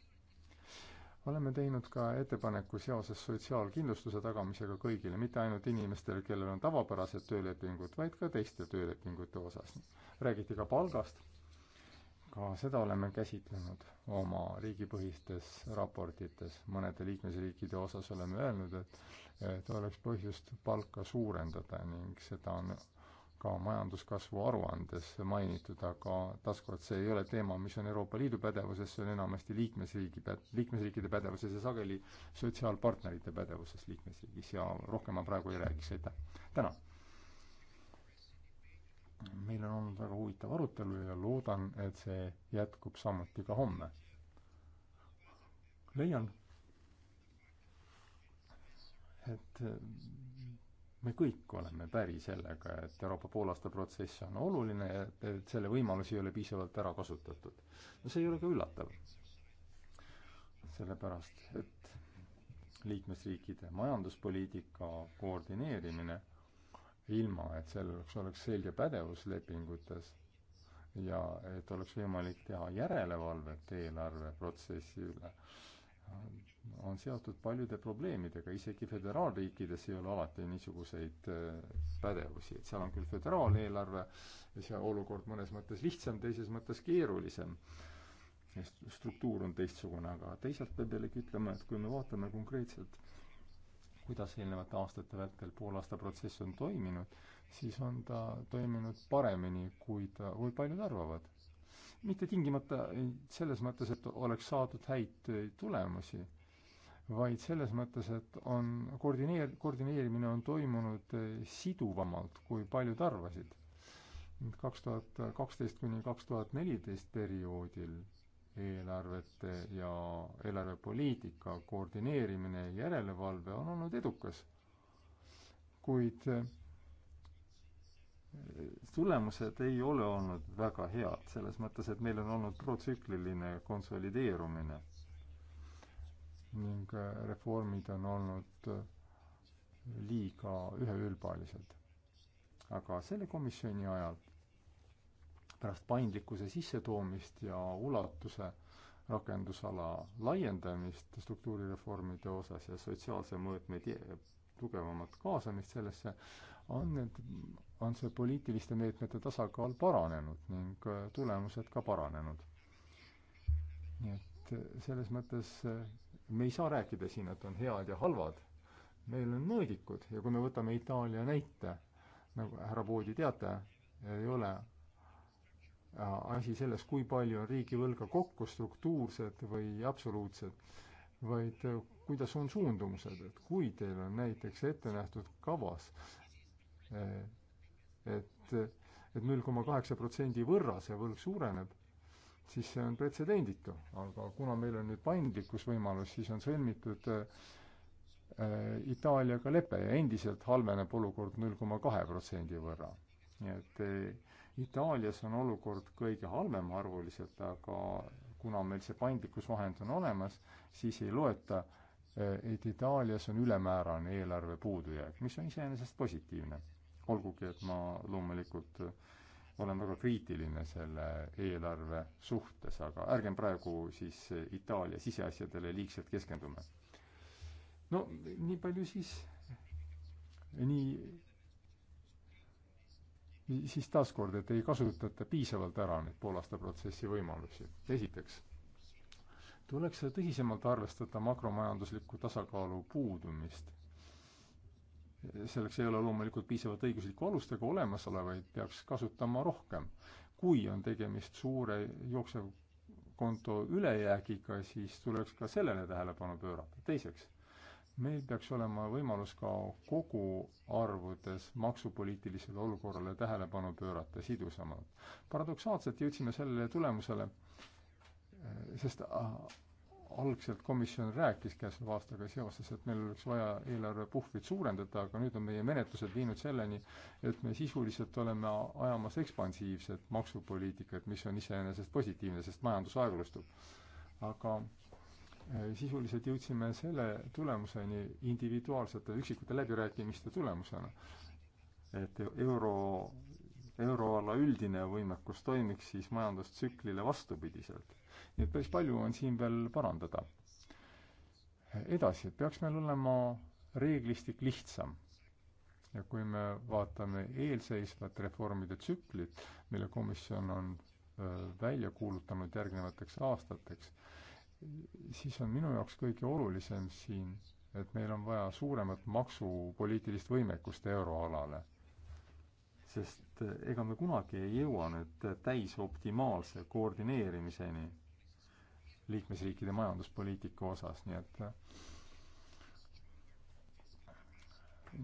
oleme teinud ka ettepaneku seoses sotsiaalkindlustuse tagamisega kõigile, mitte ainult inimestele, kellel on tavapärased töölepingud, vaid ka teiste töölepingute osas. räägiti ka palgast, ka seda oleme käsitlenud oma riigipõhistes raportites, mõnede liikmesriikide osas oleme öelnud, et et oleks põhjust palka suurendada ning seda on ka majanduskasvu aruandes mainitud, aga taaskord see ei ole teema, mis on Euroopa Liidu pädevuses, see on enamasti liikmesriigi pä-, liikmesriikide pädevuses ja sageli sotsiaalpartnerite pädevuses liikmesriigis ja rohkem ma praegu ei räägiks, aitäh. tänan! meil on olnud väga huvitav arutelu ja loodan, et see jätkub samuti ka homme. leian, et me kõik oleme päri sellega, et Euroopa poolaasta protsess on oluline ja et selle võimalusi ei ole piisavalt ära kasutatud. no see ei ole ka üllatav. sellepärast, et liikmesriikide majanduspoliitika koordineerimine ilma, et selleks oleks selge pädevus lepingutes ja et oleks võimalik teha järelevalvet eelarveprotsessi üle on seotud paljude probleemidega, isegi föderaalriikides ei ole alati niisuguseid äh, pädevusi, et seal on küll föderaaleelarve ja see olukord mõnes mõttes lihtsam, teises mõttes keerulisem. struktuur on teistsugune, aga teisalt peab jällegi ütlema, et kui me vaatame konkreetselt, kuidas eelnevate aastate vältel poolaasta protsess on toiminud, siis on ta toiminud paremini, kui ta, kui paljud arvavad mitte tingimata selles mõttes, et oleks saadud häid tulemusi, vaid selles mõttes, et on koordineer-, koordineerimine on toimunud siduvamalt, kui paljud arvasid. kaks tuhat kaksteist kuni kaks tuhat neliteist perioodil eelarvete ja eelarvepoliitika koordineerimine ja järelevalve on olnud edukas. kuid tulemused ei ole olnud väga head, selles mõttes, et meil on olnud protsükliline konsolideerumine. ning äh, reformid on olnud äh, liiga üheülbalised. aga selle komisjoni ajal, pärast paindlikkuse sissetoomist ja ulatuse rakendusala laiendamist struktuurireformide osas ja sotsiaalse mõõtme tugevamat kaasamist sellesse, on need on see poliitiliste meetmete tasakaal paranenud ning äh, tulemused ka paranenud. nii et äh, selles mõttes äh, me ei saa rääkida siin, et on head ja halvad. meil on mõõdikud ja kui me võtame Itaalia näite, nagu härra Voodi teate, ei ole asi selles, kui palju on riigivõlga kokku struktuursed või absoluutsed, vaid kuidas on suundumused, et kui teil on näiteks ette nähtud kavas et, et null koma kaheksa protsendi võrra see võlg suureneb, siis see on pretsedenditu. aga kuna meil on nüüd paindlikkusvõimalus, siis on sõlmitud äh, Itaaliaga lepe ja endiselt halveneb olukord null koma kahe protsendi võrra. nii et äh, Itaalias on olukord kõige halvem arvuliselt, aga kuna meil see paindlikkusvahend on olemas, siis ei loeta, äh, et Itaalias on ülemäärane eelarve puudujääk, mis on iseenesest positiivne olgugi et ma loomulikult äh, olen väga kriitiline selle eelarve suhtes, aga ärgem praegu siis äh, Itaalia siseasjadele liigselt keskendume. no nii palju siis, äh, nii siis taaskord, et ei kasutata piisavalt ära neid poolaasta protsessi võimalusi. esiteks tuleks tõsisemalt arvestada makromajandusliku tasakaalu puudumist selleks ei ole loomulikult piisavalt õiguslikku alust, aga olemasolevaid peaks kasutama rohkem. kui on tegemist suure jooksevkonto ülejäägiga, siis tuleks ka sellele tähelepanu pöörata. teiseks, meil peaks olema võimalus ka koguarvudes maksupoliitilisele olukorrale tähelepanu pöörata sidusamalt. paradoksaalselt jõudsime sellele tulemusele, sest algselt komisjon rääkis käesoleva aastaga seoses, et meil oleks vaja eelarvepuhvrit suurendada, aga nüüd on meie menetlused viinud selleni, et me sisuliselt oleme ajamas ekspansiivset maksupoliitikat, mis on iseenesest positiivne, sest majandus aeglustub. aga eh, sisuliselt jõudsime selle tulemuseni individuaalsete üksikute läbirääkimiste tulemusena, et euro euroala üldine võimekus toimiks siis majandustsüklile vastupidiselt nii et päris palju on siin veel parandada. edasi, peaks meil olema reeglistik lihtsam. ja kui me vaatame eelseisvat reformide tsüklit, mille komisjon on välja kuulutanud järgnevateks aastateks, siis on minu jaoks kõige olulisem siin, et meil on vaja suuremat maksupoliitilist võimekust euroalale. sest ega me kunagi ei jõua nüüd täisoptimaalse koordineerimiseni liikmesriikide majanduspoliitika osas, nii et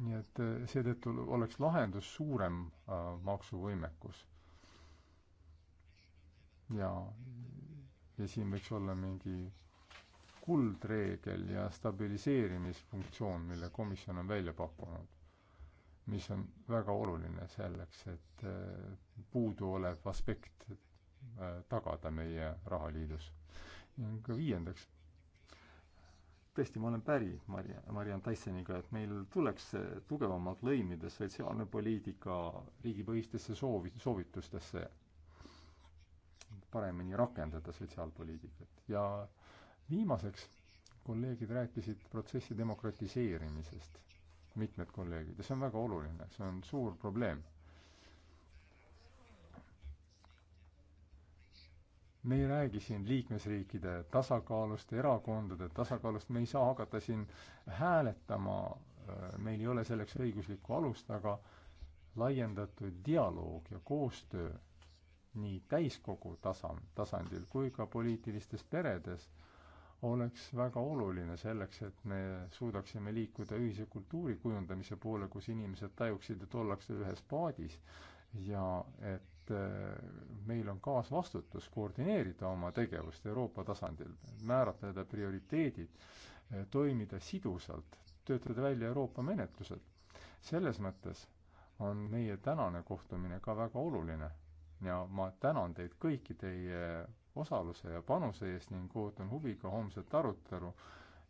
nii et seetõttu oleks lahendus suurem äh, maksuvõimekus. ja, ja siin võiks olla mingi kuldreegel ja stabiliseerimisfunktsioon, mille komisjon on välja pakkunud, mis on väga oluline selleks, et äh, puuduolev aspekt äh, tagada meie rahaliidus ka viiendaks, tõesti, ma olen päri Maria, Mariann Tysoniga, et meil tuleks tugevamalt lõimida sotsiaalne poliitika riigipõhistesse soovi, soovitustesse, paremini rakendada sotsiaalpoliitikat. ja viimaseks, kolleegid rääkisid protsessi demokratiseerimisest, mitmed kolleegid, ja see on väga oluline, see on suur probleem me ei räägi siin liikmesriikide tasakaalust, erakondade tasakaalust, me ei saa hakata siin hääletama, meil ei ole selleks õiguslikku alust, aga laiendatud dialoog ja koostöö nii täiskogu tasand, tasandil kui ka poliitilistes peredes oleks väga oluline selleks, et me suudaksime liikuda ühise kultuuri kujundamise poole, kus inimesed tajuksid, et ollakse ühes paadis ja et et eh, meil on kaasvastutus koordineerida oma tegevust Euroopa tasandil, määratleda prioriteedid, eh, toimida sidusalt, töötada välja Euroopa menetlused. selles mõttes on meie tänane kohtumine ka väga oluline ja ma tänan teid kõiki teie osaluse ja panuse eest ning ootan huviga homset arutelu,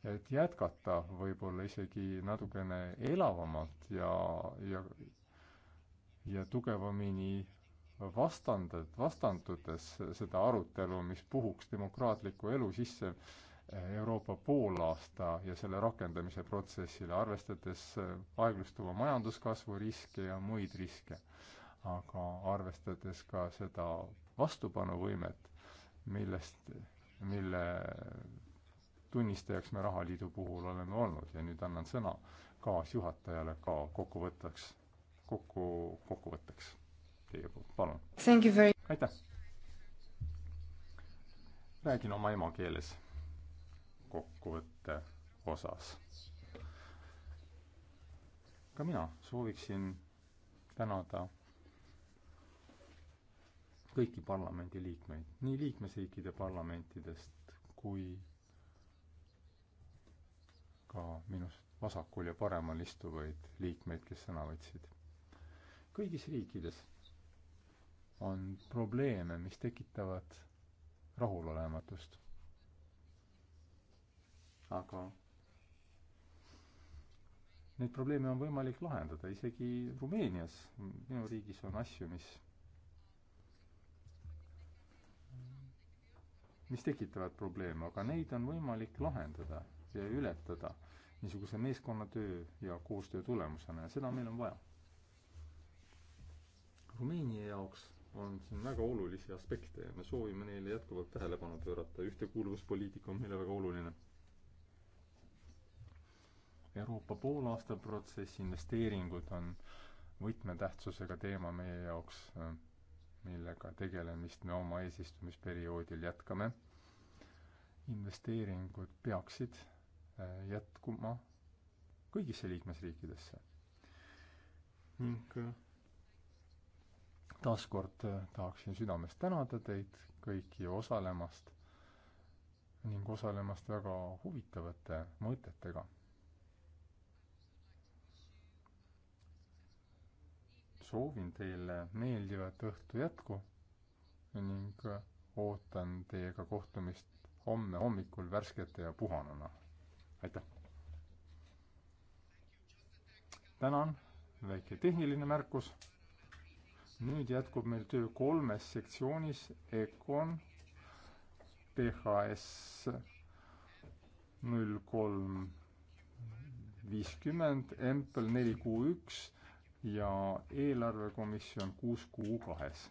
et jätkata võib-olla isegi natukene elavamalt ja, ja ja tugevamini vastandad, vastandudes seda arutelu, mis puhuks demokraatliku elu sisse eh, Euroopa poolaasta ja selle rakendamise protsessile, arvestades eh, aeglustuva majanduskasvu riske ja muid riske. aga arvestades ka seda vastupanuvõimet, millest, mille tunnistajaks me Rahaliidu puhul oleme olnud ja nüüd annan sõna kaasjuhatajale ka kokkuvõtteks, kokku, kokkuvõtteks teie poolt, palun. aitäh! räägin oma emakeeles kokkuvõtte osas. ka mina sooviksin tänada kõiki parlamendiliikmeid, nii liikmesriikide parlamentidest kui ka minust vasakul ja paremal istuvaid liikmeid, kes sõna võtsid. kõigis riikides on probleeme, mis tekitavad rahulolematust. aga neid probleeme on võimalik lahendada, isegi Rumeenias, minu riigis on asju, mis, mis tekitavad probleeme, aga neid on võimalik lahendada ja ületada niisuguse meeskonnatöö ja koostöö tulemusena ja seda meil on vaja. Rumeenia jaoks on siin väga olulisi aspekte ja me soovime neile jätkuvalt tähelepanu pöörata, ühtekuuluvuspoliitika on meile väga oluline. Euroopa poolaasta protsess, investeeringud on võtmetähtsusega teema meie jaoks, millega tegelemist me oma eesistumisperioodil jätkame. investeeringud peaksid äh, jätkuma kõigisse liikmesriikidesse ning äh, taas kord äh, tahaksin südamest tänada teid kõiki osalemast ning osalemast väga huvitavate mõtetega. soovin teile meeldivat õhtu jätku ning äh, ootan teiega kohtumist homme hommikul värskete ja puhanuna. aitäh! tänan, väike tehniline märkus nüüd jätkub meil töö kolmes sektsioonis, EKON, PHS null kolm viiskümmend, Empel neli kuu üks ja eelarvekomisjon kuus kuu kahes.